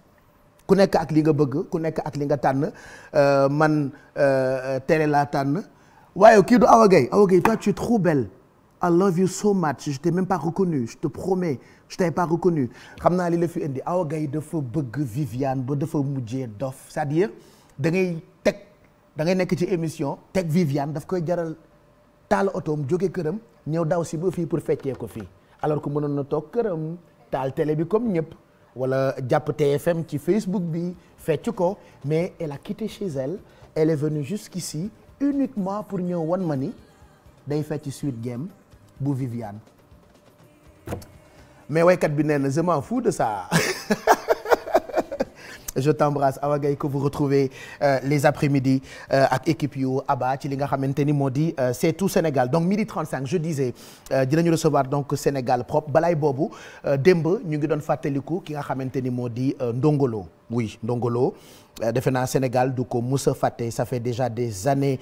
Speaker 1: ku nekk ak li nga bëgg ku nekk ak li nga tànn euh, man euh, tere laa tànn waaye kii du Awa Gueye Awa Gueye toi tu es trop belle I love you so much je t'ai même pas reconnu je te promets je t'ai pas reconnu xam naa li la fi indi Awa Gueye dafa bëgg Viviane ba dafa mujjee dof c'est-à-dire da ngay teg da ngay nekk ci émission teg Viviane daf koy jaral taal otoom jóge këram ñëw daaw si ba fii pour feccee ko fii alors que mënoon na toog këram taal tele bi comme ñëpp wala jàpp TFM ci Facebook bi fecc ko mais elle a quitté chez elle elle est venue jusqu'ici uniquement pour ñëw wan ma ni day fecc suite game bu Viviane mais waykat bi nee na je m'en de ça je t'embrasse Awa Gaye que vous retrouvez euh, les après-midi euh, ak équipe yu Aba ci li nga xamante ni moo di euh, c'est tout Sénégal donc midi 35 je disais euh, dinañu recevoir donc Sénégal propre balaay boobu démb ñu ngi doon fàttaliku ki nga xamante ni moo di Ndongolo oui Ndongolo defe naa Sénégal du ko musa fàtte ça fait déjà des années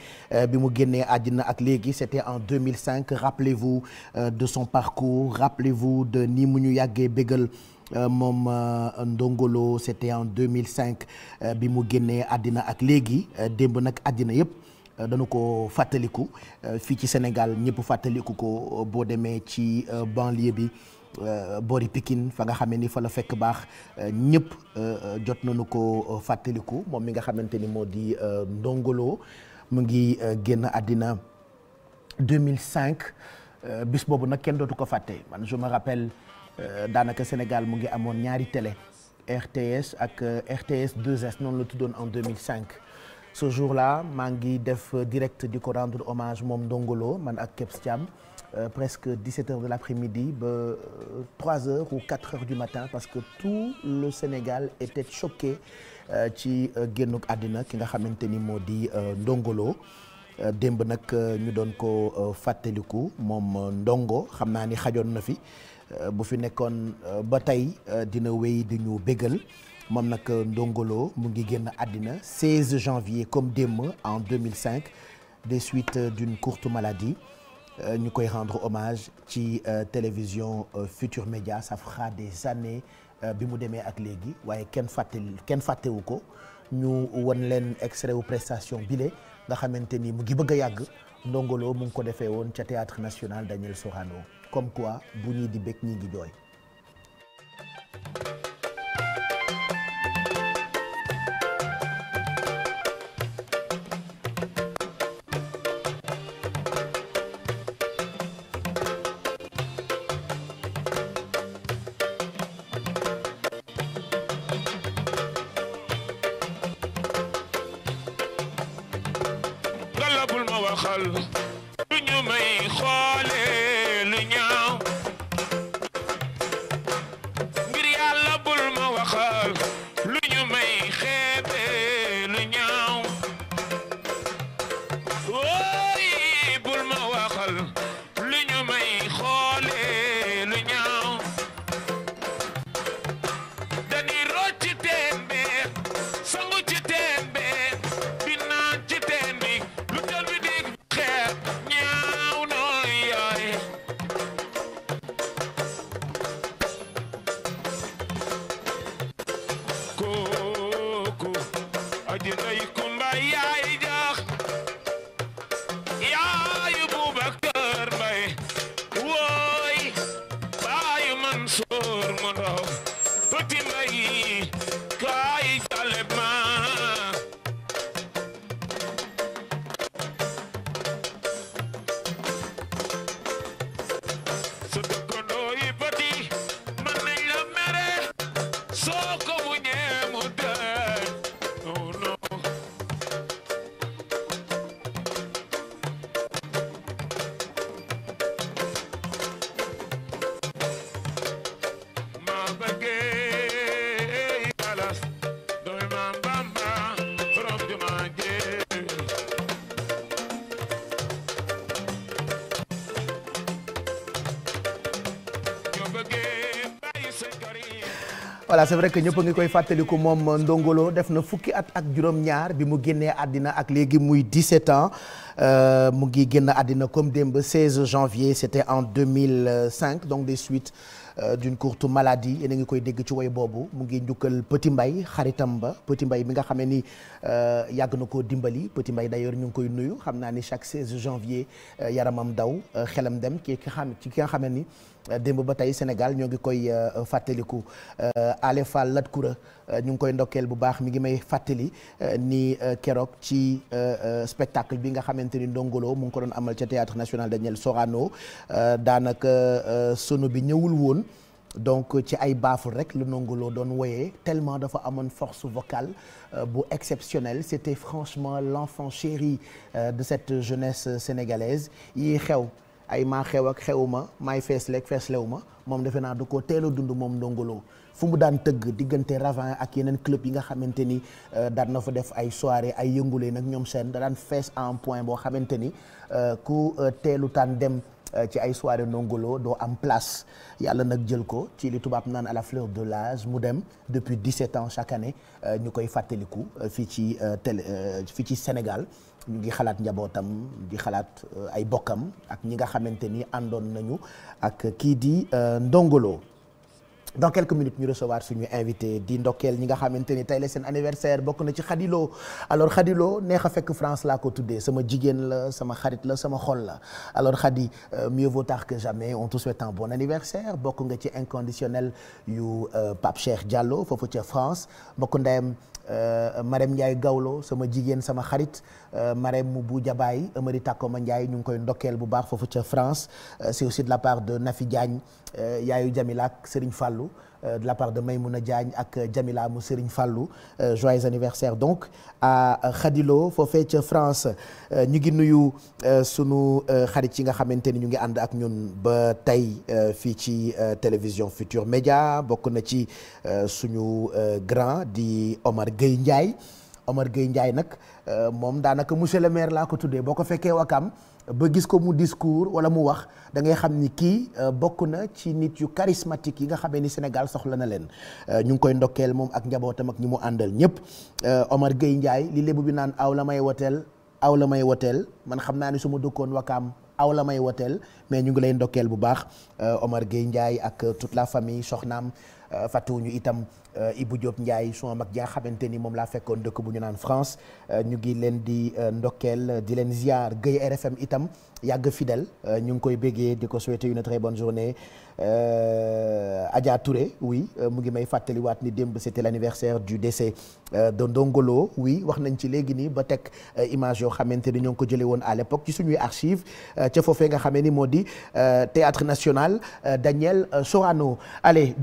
Speaker 1: bi mu génnee àddina ak léegi c'était en 2005 rappelez-vous de son parcours rappelez-vous de ni mu ñu yàggee bégal Euh, moom euh, Ndongo Lo c'était en 2005 euh, bi mu génnee àddina ak léegi démb nag àddina yëpp dañu ko fàttaliku fii ci Sénégal ñëpp fàttaliku ko boo demee ci banlieue bi boori Pikine fa nga xamee ni fa la fekk baax ñëpp jot nañu ko fàttaliku moom mi nga xamante ni moo di Ndongo Lo mu ngi génn àddina 2005 bis boobu nag kenn dootu ko fàtte man je me rappelle. Euh, daanaka Sénégal mu ngi amoon ñaari télé RTS ak euh, RTS 2 noonu la tuddoon en 2005 ce jour-là maa ngi def euh, direct di ko rendre hommage moom Ndongo man ak Kebs Thiam presque 17 heures de l'après-midi ba 3 heures ou 4 heures du matin parce que tout le Sénégal était choqué ci génnuk àddina ki nga xamante ni moo di Ndongo Lo Euh, démb nag euh, ñu doon ko euh, fàttaliku moom ndongo xam naa ni xajoon na fi bu fi nekkoon ba tey dina wéy di ñu bégal moom nag Ndongo mu ngi génn àddina 16 janvier comme démb en 2005 des suites d'une courte maladie ñu koy rendre hommage ci télévision Futur Média ça fera des années bi mu demee ak léegi waaye kenn fàttali kenn fàttewu ko ñu won leen extrait wu prestation bile nga xamante ni mu ngi bëgg a yàgg Ndongo Lo mu ngi ko defee woon ca théâtre national Daniel Sorano comme quoi bu ñuy di bëgg ñi ngi jooy Putin, my voilà c'est vrai que ñëpp a ngi koy fàttaliku moom Ndongo Lo def na fukki at ak juróom-ñaar bi mu génnee àddina ak léegi muy dix 17 ans euh, mu ngi génn àddina comme démb 16 janvier c'était en 2005 donc des suites. Euh, d'une courte maladie yéen a ngi koy dégg ci woy boobu mu ngi njukkal Petit Mbay xaritam ba Petit Mbay mi nga xam ne ni euh, yàgg na koo dimbali Petit Mbay d'ailleurs ñu ngi koy nuyu xam naa ni chaque 16 janvier euh, yaramam daw xelam dem ki xam ci ki nga xam ne ni démb ba tey Sénégal ñoo ngi koy fàttaliku Ale Fall Latkura Euh, ñu ngi koy ndokkeel bu baax mi ngi may fàttali euh, ni euh, keroog ci spectacle bi nga xamante ni ndongolo mu ngi ko doon amal ca théâtre national Daniel Sorano daanaka sono bi ñëwul woon donc ci ay baaful rek lu nongoloo doon woyee tellement dafa amoon force vocale bu exceptionnelle c'était franchement l'enfant chéri de cette jeunesse sénégalaise yi xew ay maa xew ak xewuma maay feesleeg feeslewu ma moom defe naa da ko teel a dund moom Ndongo Lo fu mu daan tëgg diggante Ravin ak yeneen club yi nga xamante ni euh, daan na fa def ay soirée ay yëngulee nag ñoom seen da fees en point boo xamante ni euh, ku euh, teelu taan dem ci ay soirée Ndongo Lo doo am place yàlla nag jël ko ci li tubaab naan à la fleur de l'âge mu dem depuis 17 ans chaque année ñu koy fàttaliku fii ci télé fii ci Sénégal ñu ngi xalaat njabootam ngi xalaat euh, ay bokkam ak ñi nga xamante ni àndoon nañu ak kii di euh, Ndongo Lo dans quelques minutes ñu recevoir suñu invité di ndokkeel ñi nga xamante ni tey la seen anniversaire bokk na ci Khadilo alors Khadilo neex a fekk France laa ko tuddee sama jigéen la sama xarit la sama xol la alors Khadi euh, mieux vaut tard que jamais on te souhaite un bon anniversaire bokk nga ci inconditionnel yu Pape Cheikh jàlloo foofu ca France mbokk ndeyam Marème Ndiaye Gawlo sama jigéen sama xarit Euh, Marème bu Jabaay Amary Takoma Ndiaye ñu ngi koy ndokkeel bu baax foofu ca France euh, c'est aussi de la part de Nafi Diagne euh, yaayu Jamila ak Serigne Fallou de la part de Maymouna Diagne ak Jamila mu Serigne Fallou joyeux anniversaire donc a Khadilo foofee ca France ñu ngi nuyu sunu xarit yi nga xamante ni ñu ngi ànd ak ñun ba tey fii ci télévision Futur Média bokk na ci suñu grand di Omar Gueye Ndiaye Omar Gueye Ndiaye nag. Euh, moom daanaka monsieur le maire laa ko tuddee boo ko fekkee wakam ba gis ko mu discours wala mu wax dangay xam ni kii euh, bokk na ci nit yu charismatique yi nga xamee ni Sénégal soxla na leen euh, ñu ngi koy ndokkeel moom ak njabootam ak ñi mu àndal ñëpp Omar Gueye Ndiaye li lébu bi naan aw la may woteel aw la may woteel man xam naa ni su ma dëkkoon wakaam aw la may woteel mais ñu ngi lay ndokkeel bu baax Omar Gueye ak tout la famille soxnaam Euh, fàttewuñu itam euh, Ibou Diop Ndiaye suma mag jaa xamante ni moom laa fekkoon dëkk bu ñu naan France euh, ñu ngi leen di ndokkeel di leen ziar Gueye RFM itam yàgg fidèle ñu ngi koy béggee di ko souhaiter une très bonne journée Adja Touré oui mu ngi may fàttaliwaat ni démb c'était l'anniversaire du décès de Ndongolo oui wax nañ ci léegi nii ba teg image yoo xamante ni ñoo ngi ko jëlee woon à l'époque ci suñuy archives ca foofee nga xamee ni moo di théâtre national Daniel Sorano allez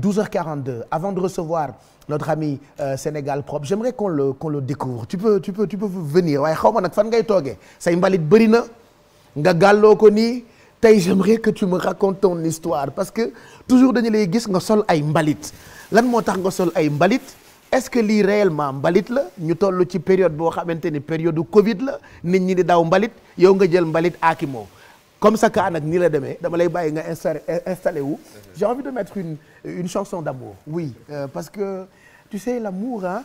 Speaker 1: 2022 avant de recevoir notre ami euh, Sénégal propre j'aimerais qu'on le qu'on le découvre tu peux tu peux venir waaye xaw ma nag fan ngay toogee say mbalit bëri na nga gàlloo ko nii tey j'aimerais que tu me racontes ton histoire parce que toujours dañu lay gis nga sol ay mbalit lan moo tax nga sol ay mbalit est-ce que lii réellement mbalit la ñu toll ci période boo xamante ni période Covid la nit ñi di daw mbalit yow nga jël mbalit aakimoo comme ça kaa ah, nag nii la demee dama lay bàyyi nga installé installé wu. j'ai envie de mettre une une chanson d'amour. oui euh, parce que tu sais l'amour ah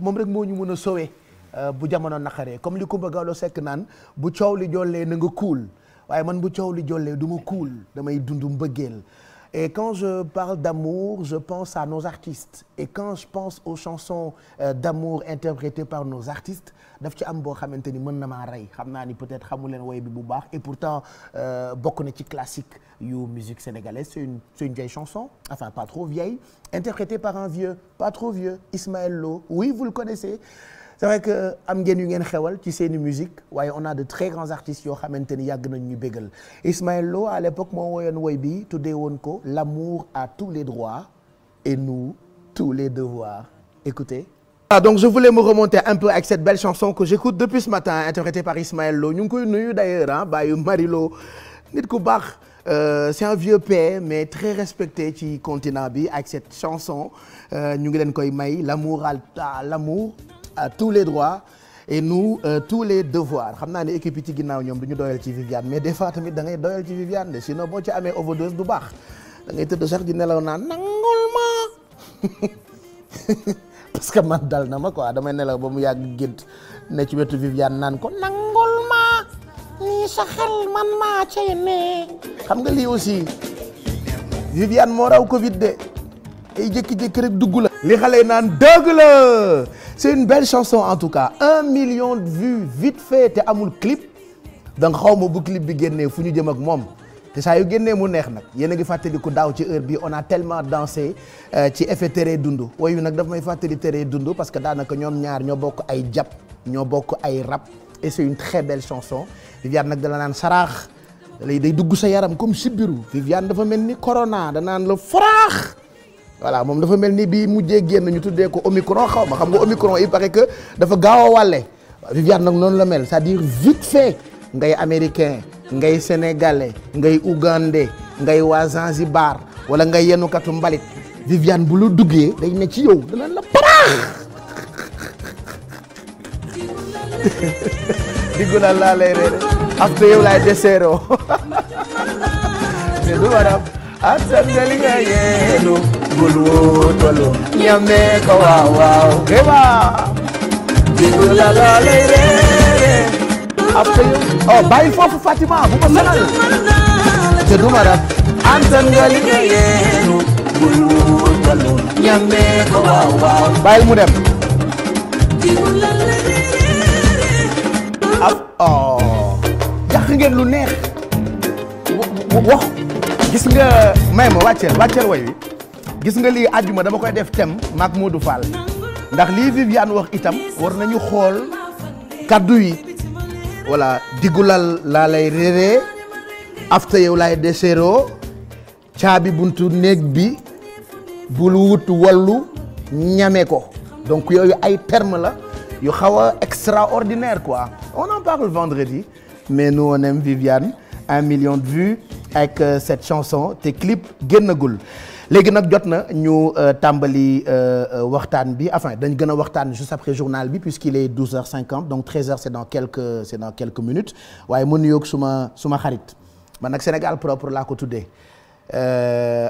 Speaker 1: moom rek moo ñu mën a sauver euh, bu jamono naqaree comme li Coumba Gawlo sekk naan bu coow li jollee na nga kuul waaye man bu coow li jollee du ma kuul damay dund mbëggeel. Et quand je parle d'amour, je pense à nos artistes. Et quand je pense aux chansons euh, d'amour interprétées par nos artistes, daf ci am boo xamante ni mën na maa rey xam naa ni peut-être xamu leen woy bi bu baax et pourtant euh, bokk na ci classique yu musique sénégalaise c'est une c'est une vieille chanson enfin pas trop vieille interprétée par un vieux pas trop vieux Ismaël Lo oui vous le connaissez c'est vrai que am ngeen yu ngeen xewal ci seeni musique waaye on a de très grands artistes yoo xamante ni yàgg nañ ñu bégal Ismaël Lo à l'époque moo woyoon woy bi tuddee woon ko l'amour a tous les droits et nous tous les devoirs écoutez ah donc je voulais me remonter un peu avec cette belle chanson que j'écoute depuis ce matin interprétée par Ismaël Lo ñu ngi koy nuyu d'ailleurs ah bàyyu Marilo nit ku baax euh, c'est un vieux mais très ci continent bi avec cette chanson euh, ñu ngi leen koy may l'amour a l'amour à tous les droits et nous euh, tous les devoirs xam naa ne équipe yi ci ginnaaw ñoom du ñu doyal ci Viviane mais des fois tamit da ngay doyal ci Viviane de sinon boo ci amee overdose du baax da ngay tëdd sax di nelaw naan nangul ma parce que man dal na ma quoi damay nelaw ba mu yàgg gént ne ci wetu Viviane naan ko
Speaker 7: nangul ma nii sa xel man maa cay ne xam nga lii aussi
Speaker 1: Viviane moo raw Covid de. ay jékki-jékki dugg la. li xale naan dëgg la c'est une tout cas un million de vues vite amul clip donc xaw ma bu clip bi génnee fu ñu jëm ak moom. te saa yu mu neex nag yéen a ngi fàttaliku daaw ci heure bi on a tellement dansé euh, ci effet tere dund woyu nag daf may fàttali tere dund parce que daanaka ñoom ñaar ñoo bokk ay jàpp ñoo bokk ay rab et c'est une très belle chanson Viviane nag dala naan saraax lay day dugg sa yaram comme sibiru Viviane dafa mel ni corona danaan la faraax voilà moom dafa mel ni bii mujjee génn ñu tuddee ko omicron xaw ma xam nga omicron il paraît que dafa gaaw a wàlle Viviane noonu la mel cest dire vite fait ngay americain ngay sénégalais ngay ougandais ngay waa Zanzibar wala ngay yenukatu mbalit Viviane bu la duggee day ne ci yow dana la paraax
Speaker 7: atandaliga yelo
Speaker 1: gulwo tolo nyame ko wawa
Speaker 7: keba digula la le re
Speaker 1: après oh bàyyi foofu Fatima bu ko sonal te du ma rab atandaliga yelo gulwo tolo nyame ko wawa bàyyil mu dem digula gis nga may ma wàcceel wàcceel way wi gis nga lii àjjuma dama koy def thème maak Modou Fall ndax lii Viviane wax itam war nañu xool kàddu yi voilà digulal laa lay réeree afta yow laay deseeroo caabi buntu néeg bi bul wut wallu ñame ko donc yooyu ay terme la yu xaw a extraordinaire quoi on en parle vendredi mais nous on Viviane un million de vues avec euh, cette chanson te clip génnagul léegi nag jot na ñu euh, tàmbali euh, waxtaan bi enfin dañ gën a waxtaan juste après journal bi puisqu'il est 12h50 donc 13h c'est dans quelques c'est dans quelques minutes waaye mu nuyoog suma suma xarit man nag Sénégal propre laa ko tuddee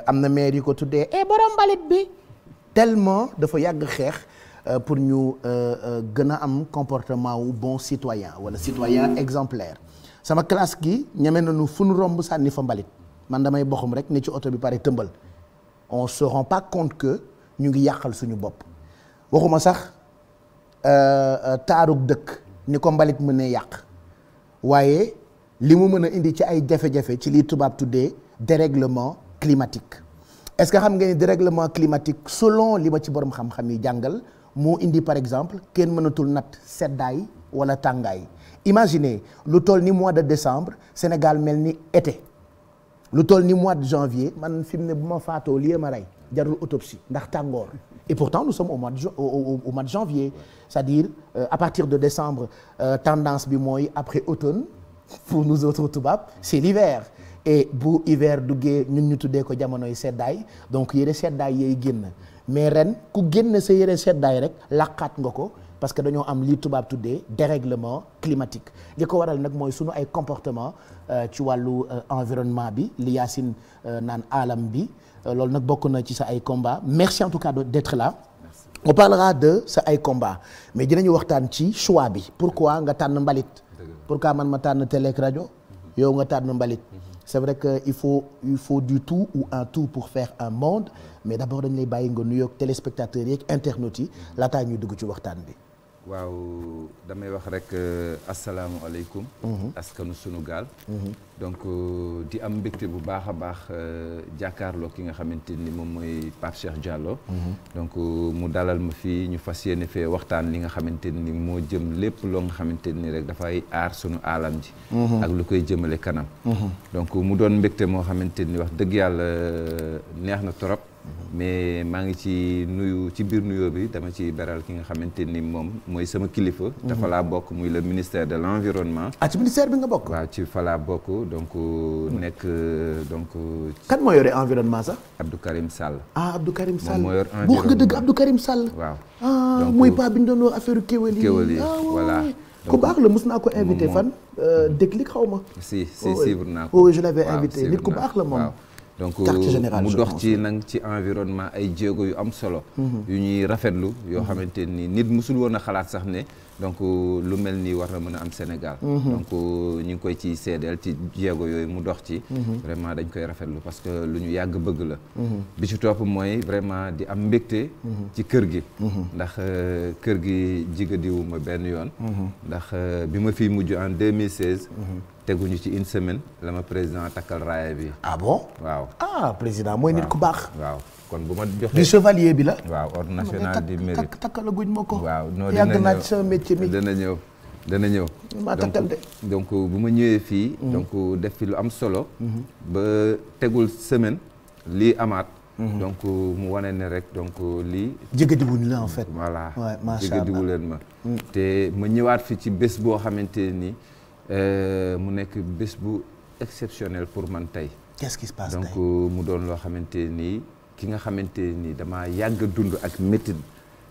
Speaker 1: am na maire yu ko tuddee eh borom mbalit bi tellement dafa yàgg xeex pour ñu gën a am comportement wu bon citoyen wala citoyen exemplaire sama classe gi ñeme nañu fu nu romb sànni fa mbalit man damay boxum rek ne ci oto bi pare tëmbal on se rend pas compte que ñu ngi yàqal suñu bopp waxuma sax euh, euh, taarug dëkk ni ko mbalit mën ne yàq waaye li mu mën a indi ci ay jafe-jafe ci li tubaab tuddee dérèglement climatique est-ce que xam nga ni dérèglement climatique selon li ma ci borom xam-xam yi jàngal moo indi par exemple kenn mënatul natt seddaay wala tàngaay imaginez lu tol ni mois de décembre Sénégal mel ni été lu toll ni mois de janvier man fi mu ne bu ma faatoo lii ma rey jarul autopsie ndax tàngoor et pourtant nous sommes au mois de au, au, de janvier c'est-à-dire euh, partir de décembre euh, tendance bi mooy après automne pour nous autres tubaab c'est l'hiver et bu hiver duggee ñun ñu tuddee ko jamonoy seddaay donc yére seddaay yooyu génn mais ren ku génn sa yére seddaay rek laqaat nga ko parce que dañoo am li tubaab tuddee dérèglement climatique li ko waral nag mooy sunu ay comportement euh, ci wàllu euh, environnement bi li yaasin euh, naan alam bi loolu nag bokk na ci sa ay combat merci en tout cas d'être de sa ay combat mais dinañu waxtaan ci choix bi pourquoi nga tànn mbalit pourquoi man ma tànn télé ak rajo mhm. yow nga tànn mbalit mhm. c'est vrai que il faut faut du tout ou un tout pour faire un monde mais d'abord dañ lay bàyyi nga nuyoog téléspectateurs yeeg internautes yi mhm. laataa ñuy dugg ci waxtaan bi
Speaker 8: waaw damay wax rek euh, asalaamualeykum. Mhm. askanu sunu gaal. Mhm. donc euh, di am mbégte bu baax a baax euh, jàkkaarloo ki nga xamante ni moom mooy Pape Cheikh Diallo. Mhm. donc mu dalal ma fi ñu fas yéene fee waxtaan li nga xamante ni moo jëm lépp loo nga xamante ni rek dafay aar sunu aalam ji. ak lu koy jëmale kanam. donc mu doon mbégte moo xamante ni wax dëgg yàlla neex na torop mais maa ngi ci nuyu ci biir nuyoo bi dama ci beral ki nga xamante ni moom mooy sama kilifa. dafa mhm. laa bokk muy le ministère de l' environnement. ah ci ministère bi nga bokk. waaw ci fa bokk donc euh, nekk euh, donc. Euh, kan moo yore environnement sax. Abdou Karim Sall.
Speaker 1: ah Abdou Karim Sall moo yor environnement wax nga dëgg Abdou ah, mooy paa bi ñu doon wax affaire kéwél yi. kéwél yi ah, voilà. ku baax la mës naa ko invité fan. Mhm. dégg li xaw ma.
Speaker 8: si si oh, si naa ko. Oh, je l' avais invité nit ku baax la moom. donc euh, mu dox ci nang ci environnement ay jéego yu am solo mhm. yu ñuy rafetlu yoo mhm. xamante ni nit musul woon a xalaat sax ne donc euh, lu mel ni war na mën a am Sénégal mhm. donc euh, ñu ngi koy ci seedeel ci jéego yooyu mu dox ci mhm. vraiment dañ koy rafetlu parce que lu ñu yàgg bëgg la mhm. bi ci topp mooy vraiment di am mbégte ci kër gi ndax euh, kër gi jigadiwuma benn yoon ndax bi ma fi mujj en 2016 teguñu ci une semaine la ma président takkal raaya bi ah bon waaw
Speaker 1: ah, président mooy nit ku baax
Speaker 8: kon bu ma jox du
Speaker 1: chevalier bi la.
Speaker 8: waaw ordre national du mérite
Speaker 1: takkal guñ ma ko. waaw non yàgg naa ci
Speaker 8: sama mi dana ñëw. dana ñëw maa takkal de donc bu ma ñëwee fii. Mhm. donc def fi lu am solo. Mhm. ba tegul semaine lii amaat. Mhm. donc mu wane ne rek donc lii. jégadiwuñ la en fait. voilà jégadiwu leen ma. Mm. te ma ñëwaat fi ci bés boo xamante ni euh, mu nekk bés bu exceptionnel pour man tey. quest mu doon loo xamante nii ki nga xamante nii damaa yàgg dund ak métit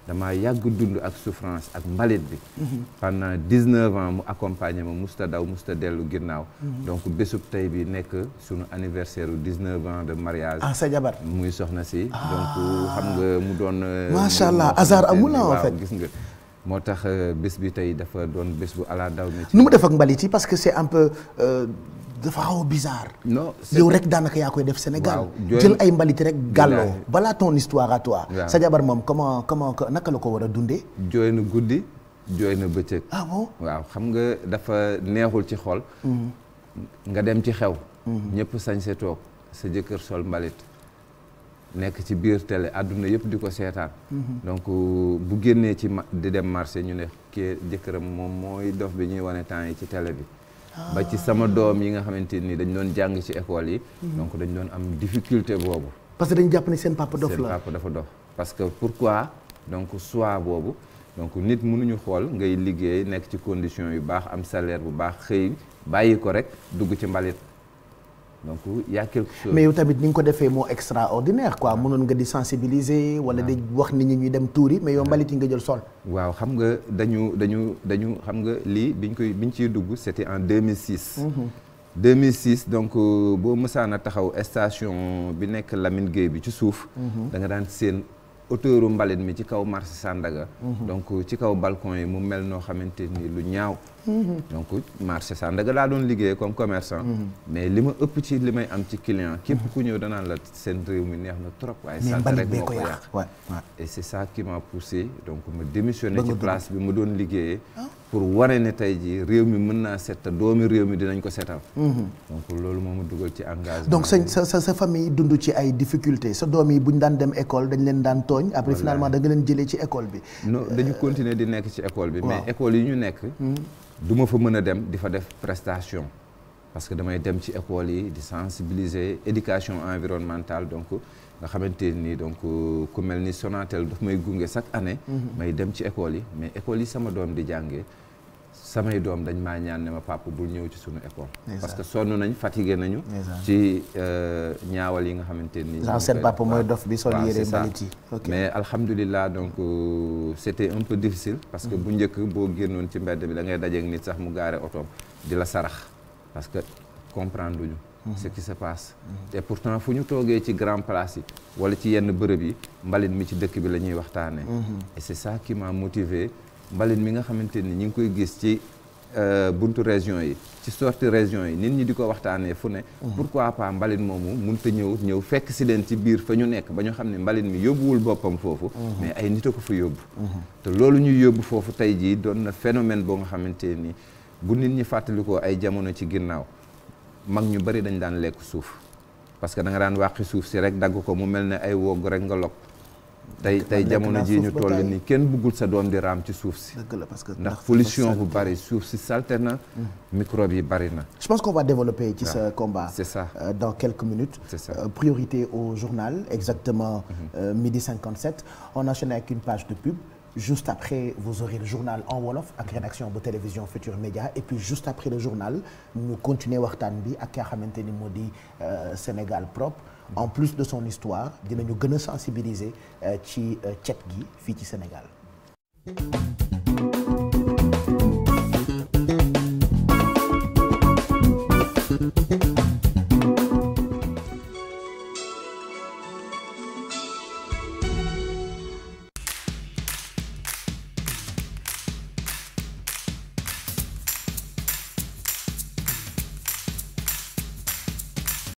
Speaker 8: damaa yàgg dund ak souffrance ak mbalit bi mhm. pendant dix-neuf ans mu accompagné ma musta daw musta dellu ginnaaw mhm. donc bésub tey bi nekk sunu anniversaire u dix-neuf ans de mariage ah sa jabar muy soxna si ah. donc xam nga mu doon euh, macha allah hasard amul en fait gis nga moo tax euh, bés bi tey dafa doon bés bu ala daw nu mu
Speaker 1: def ak mbalit yi parce que c'est un peu euh, dafa xaw a bizarre.
Speaker 8: non rek
Speaker 1: daanaka yaa koy def Sénégal. jël ay mbalit rek gàlloo. balaa ton histoire à sa jabar moom comment comment
Speaker 8: naka la ko war a dundee. jooy na guddi jooy na bëccëg. Ah waaw xam nga dafa neexul ci xol. Mm-hmm. nga dem ci xew. Mm-hmm. ñëpp sañse toog sa jëkkër sol mbalit. nekk ci biir télé àdduna yëpp di ko seetaan. Mm-hmm. donc bu génnee ci di dem marché ñu ne kii jëkkëram moom mooy dof bi ñuy wane temps yi ci tele bi. ba ci sama doom yi nga xamante nii dañu doon jàng ci école yi donc dañ doon am difficulté boobu
Speaker 1: parce que dañ jàpp ne seen papa dof la seen
Speaker 8: papa dafa dof parce que pourquoi donc soit boobu donc nit mënuñu xool ngay liggéey nekk ci condition yu baax am salaire bu baax xëy bàyyi ko rek dugg ci mbalit donc y' a mais yow tamit
Speaker 1: ni nga ko defee moo extraordinaire quoi mënoon nga di sensibiliser. wala di wax nit ñi ñu dem tuuri mais yow mbalit yi nga jël sol.
Speaker 8: waaw xam nga dañu dañu dañu xam nga lii biñ koy biñ ciy dugg c' était en 2006. 2006 mhm. donc euh, boo mësaana taxaw station bi nekk lamin Gueye bi ci suuf. Mhm. da nga daan seen. auteuru mbalit mi ci kaw marché Sandaga mhm. donc euh, ci kaw balcon yi mu mel noo xamante ni lu ñaaw Mm-hmm. donc marché Sandaga laa doon liggéey comme commerçant. Mm-hmm. mais li ma ëpp ci li may am ci client. képp ku ñëw danaan la seen réew mi neex na trop. waaye sant rek moo ko yàq et c'est ça qui m'a poussé donc ma démissionné ci place bi ma doon liggéeyee. Ah. pour wane ne tey jii réew mi mën naa set doomi réew mi dinañ ko setal. Mm-hmm. donc loolu moo ma dugal ci engagement. donc sa
Speaker 1: sa sa famille dund ci ay difficultés sa doom yi bu ñu daan dem école dañ leen daan tooñ. après finalement da leen jëlee ci école bi.
Speaker 8: non dañu continuer di nekk ci école bi. mais école yi ñu nekk. duma fa mën a dem di fa def prestation parce que damay dem ci école yi di sensibiliser éducation environnementale donc nga xamante ni donc euh, ku mel ni sonateel dafa may gunge chaque année. Mm-hmm. may dem ci école yi mais école yi sama doom di jàngee. samay doom dañ maa ñaane ne ma papa bul ñëw ci sunu école. parce que sonn nañ fatigué nañu. ci euh, ñaawal yi nga xamante ni. genre seen papa mooy dof bi sol yére mbalit yi. mais alhamdulilah donc euh, c' était un peu difficile. parce que mm. bu njëkk boo génnoon ci mbedd bi dangay ngay dajeeg nit sax mu gaare otoom di la sarax parce que comprendre ñu mm-hmm. ce qui se passe. Mm-hmm. te pourtant fu ñu toogee ci grand place yi wala ci yenn bërëb yi mbalit mi ci dëkk bi la ñuy waxtaanee. Mm-hmm. et c' est ça qui m'a mbalit mi nga xamante ni ñi ngi koy gis ci euh, buntu région yi ci sorti région yi nit ñi di ko waxtaanee fu ne mmh. pourquoi pa mbalit moomu mun munta ñëw ñëw fekk si leen ci biir fa ñu nekk ba ñu xam ne mbalit mi yóbbuwul boppam foofu mmh. mais ay nit a ko fa yóbbu mmh. te loolu ñu yóbbu foofu tey jii doon na phénomène boo nga xamante ni bu nit ñi fàttalikoo ay jamono ci ginnaaw mag ñu bari dañ daan lekk suuf parce que da nga daan wàqi suuf si rek dagg ko mu mel ne ay wogg rek nga lokk tey tey jamono ji ñu toll nii kenn bëggul sa doom di ci suuf si. dëgg la parce que ndax pollution bu bari suuf si salte na. Mm. microbe yi bari na.
Speaker 1: je pense qu'on ci sa combat. c'est ça euh, dans quelques minutes. Euh, priorité au journal exactement mm-hmm. euh, midi 57 on enchaîne avec une page de pub. juste après vous en wolof ak rédaction bu télévision Futur Média et puis juste après le journal waxtaan bi ak yaa xamante ni moo di Sénégal propre. en plus de son histoire dinañu gën a sensibiliser euh, ci euh, cet gi fii ci Sénégal.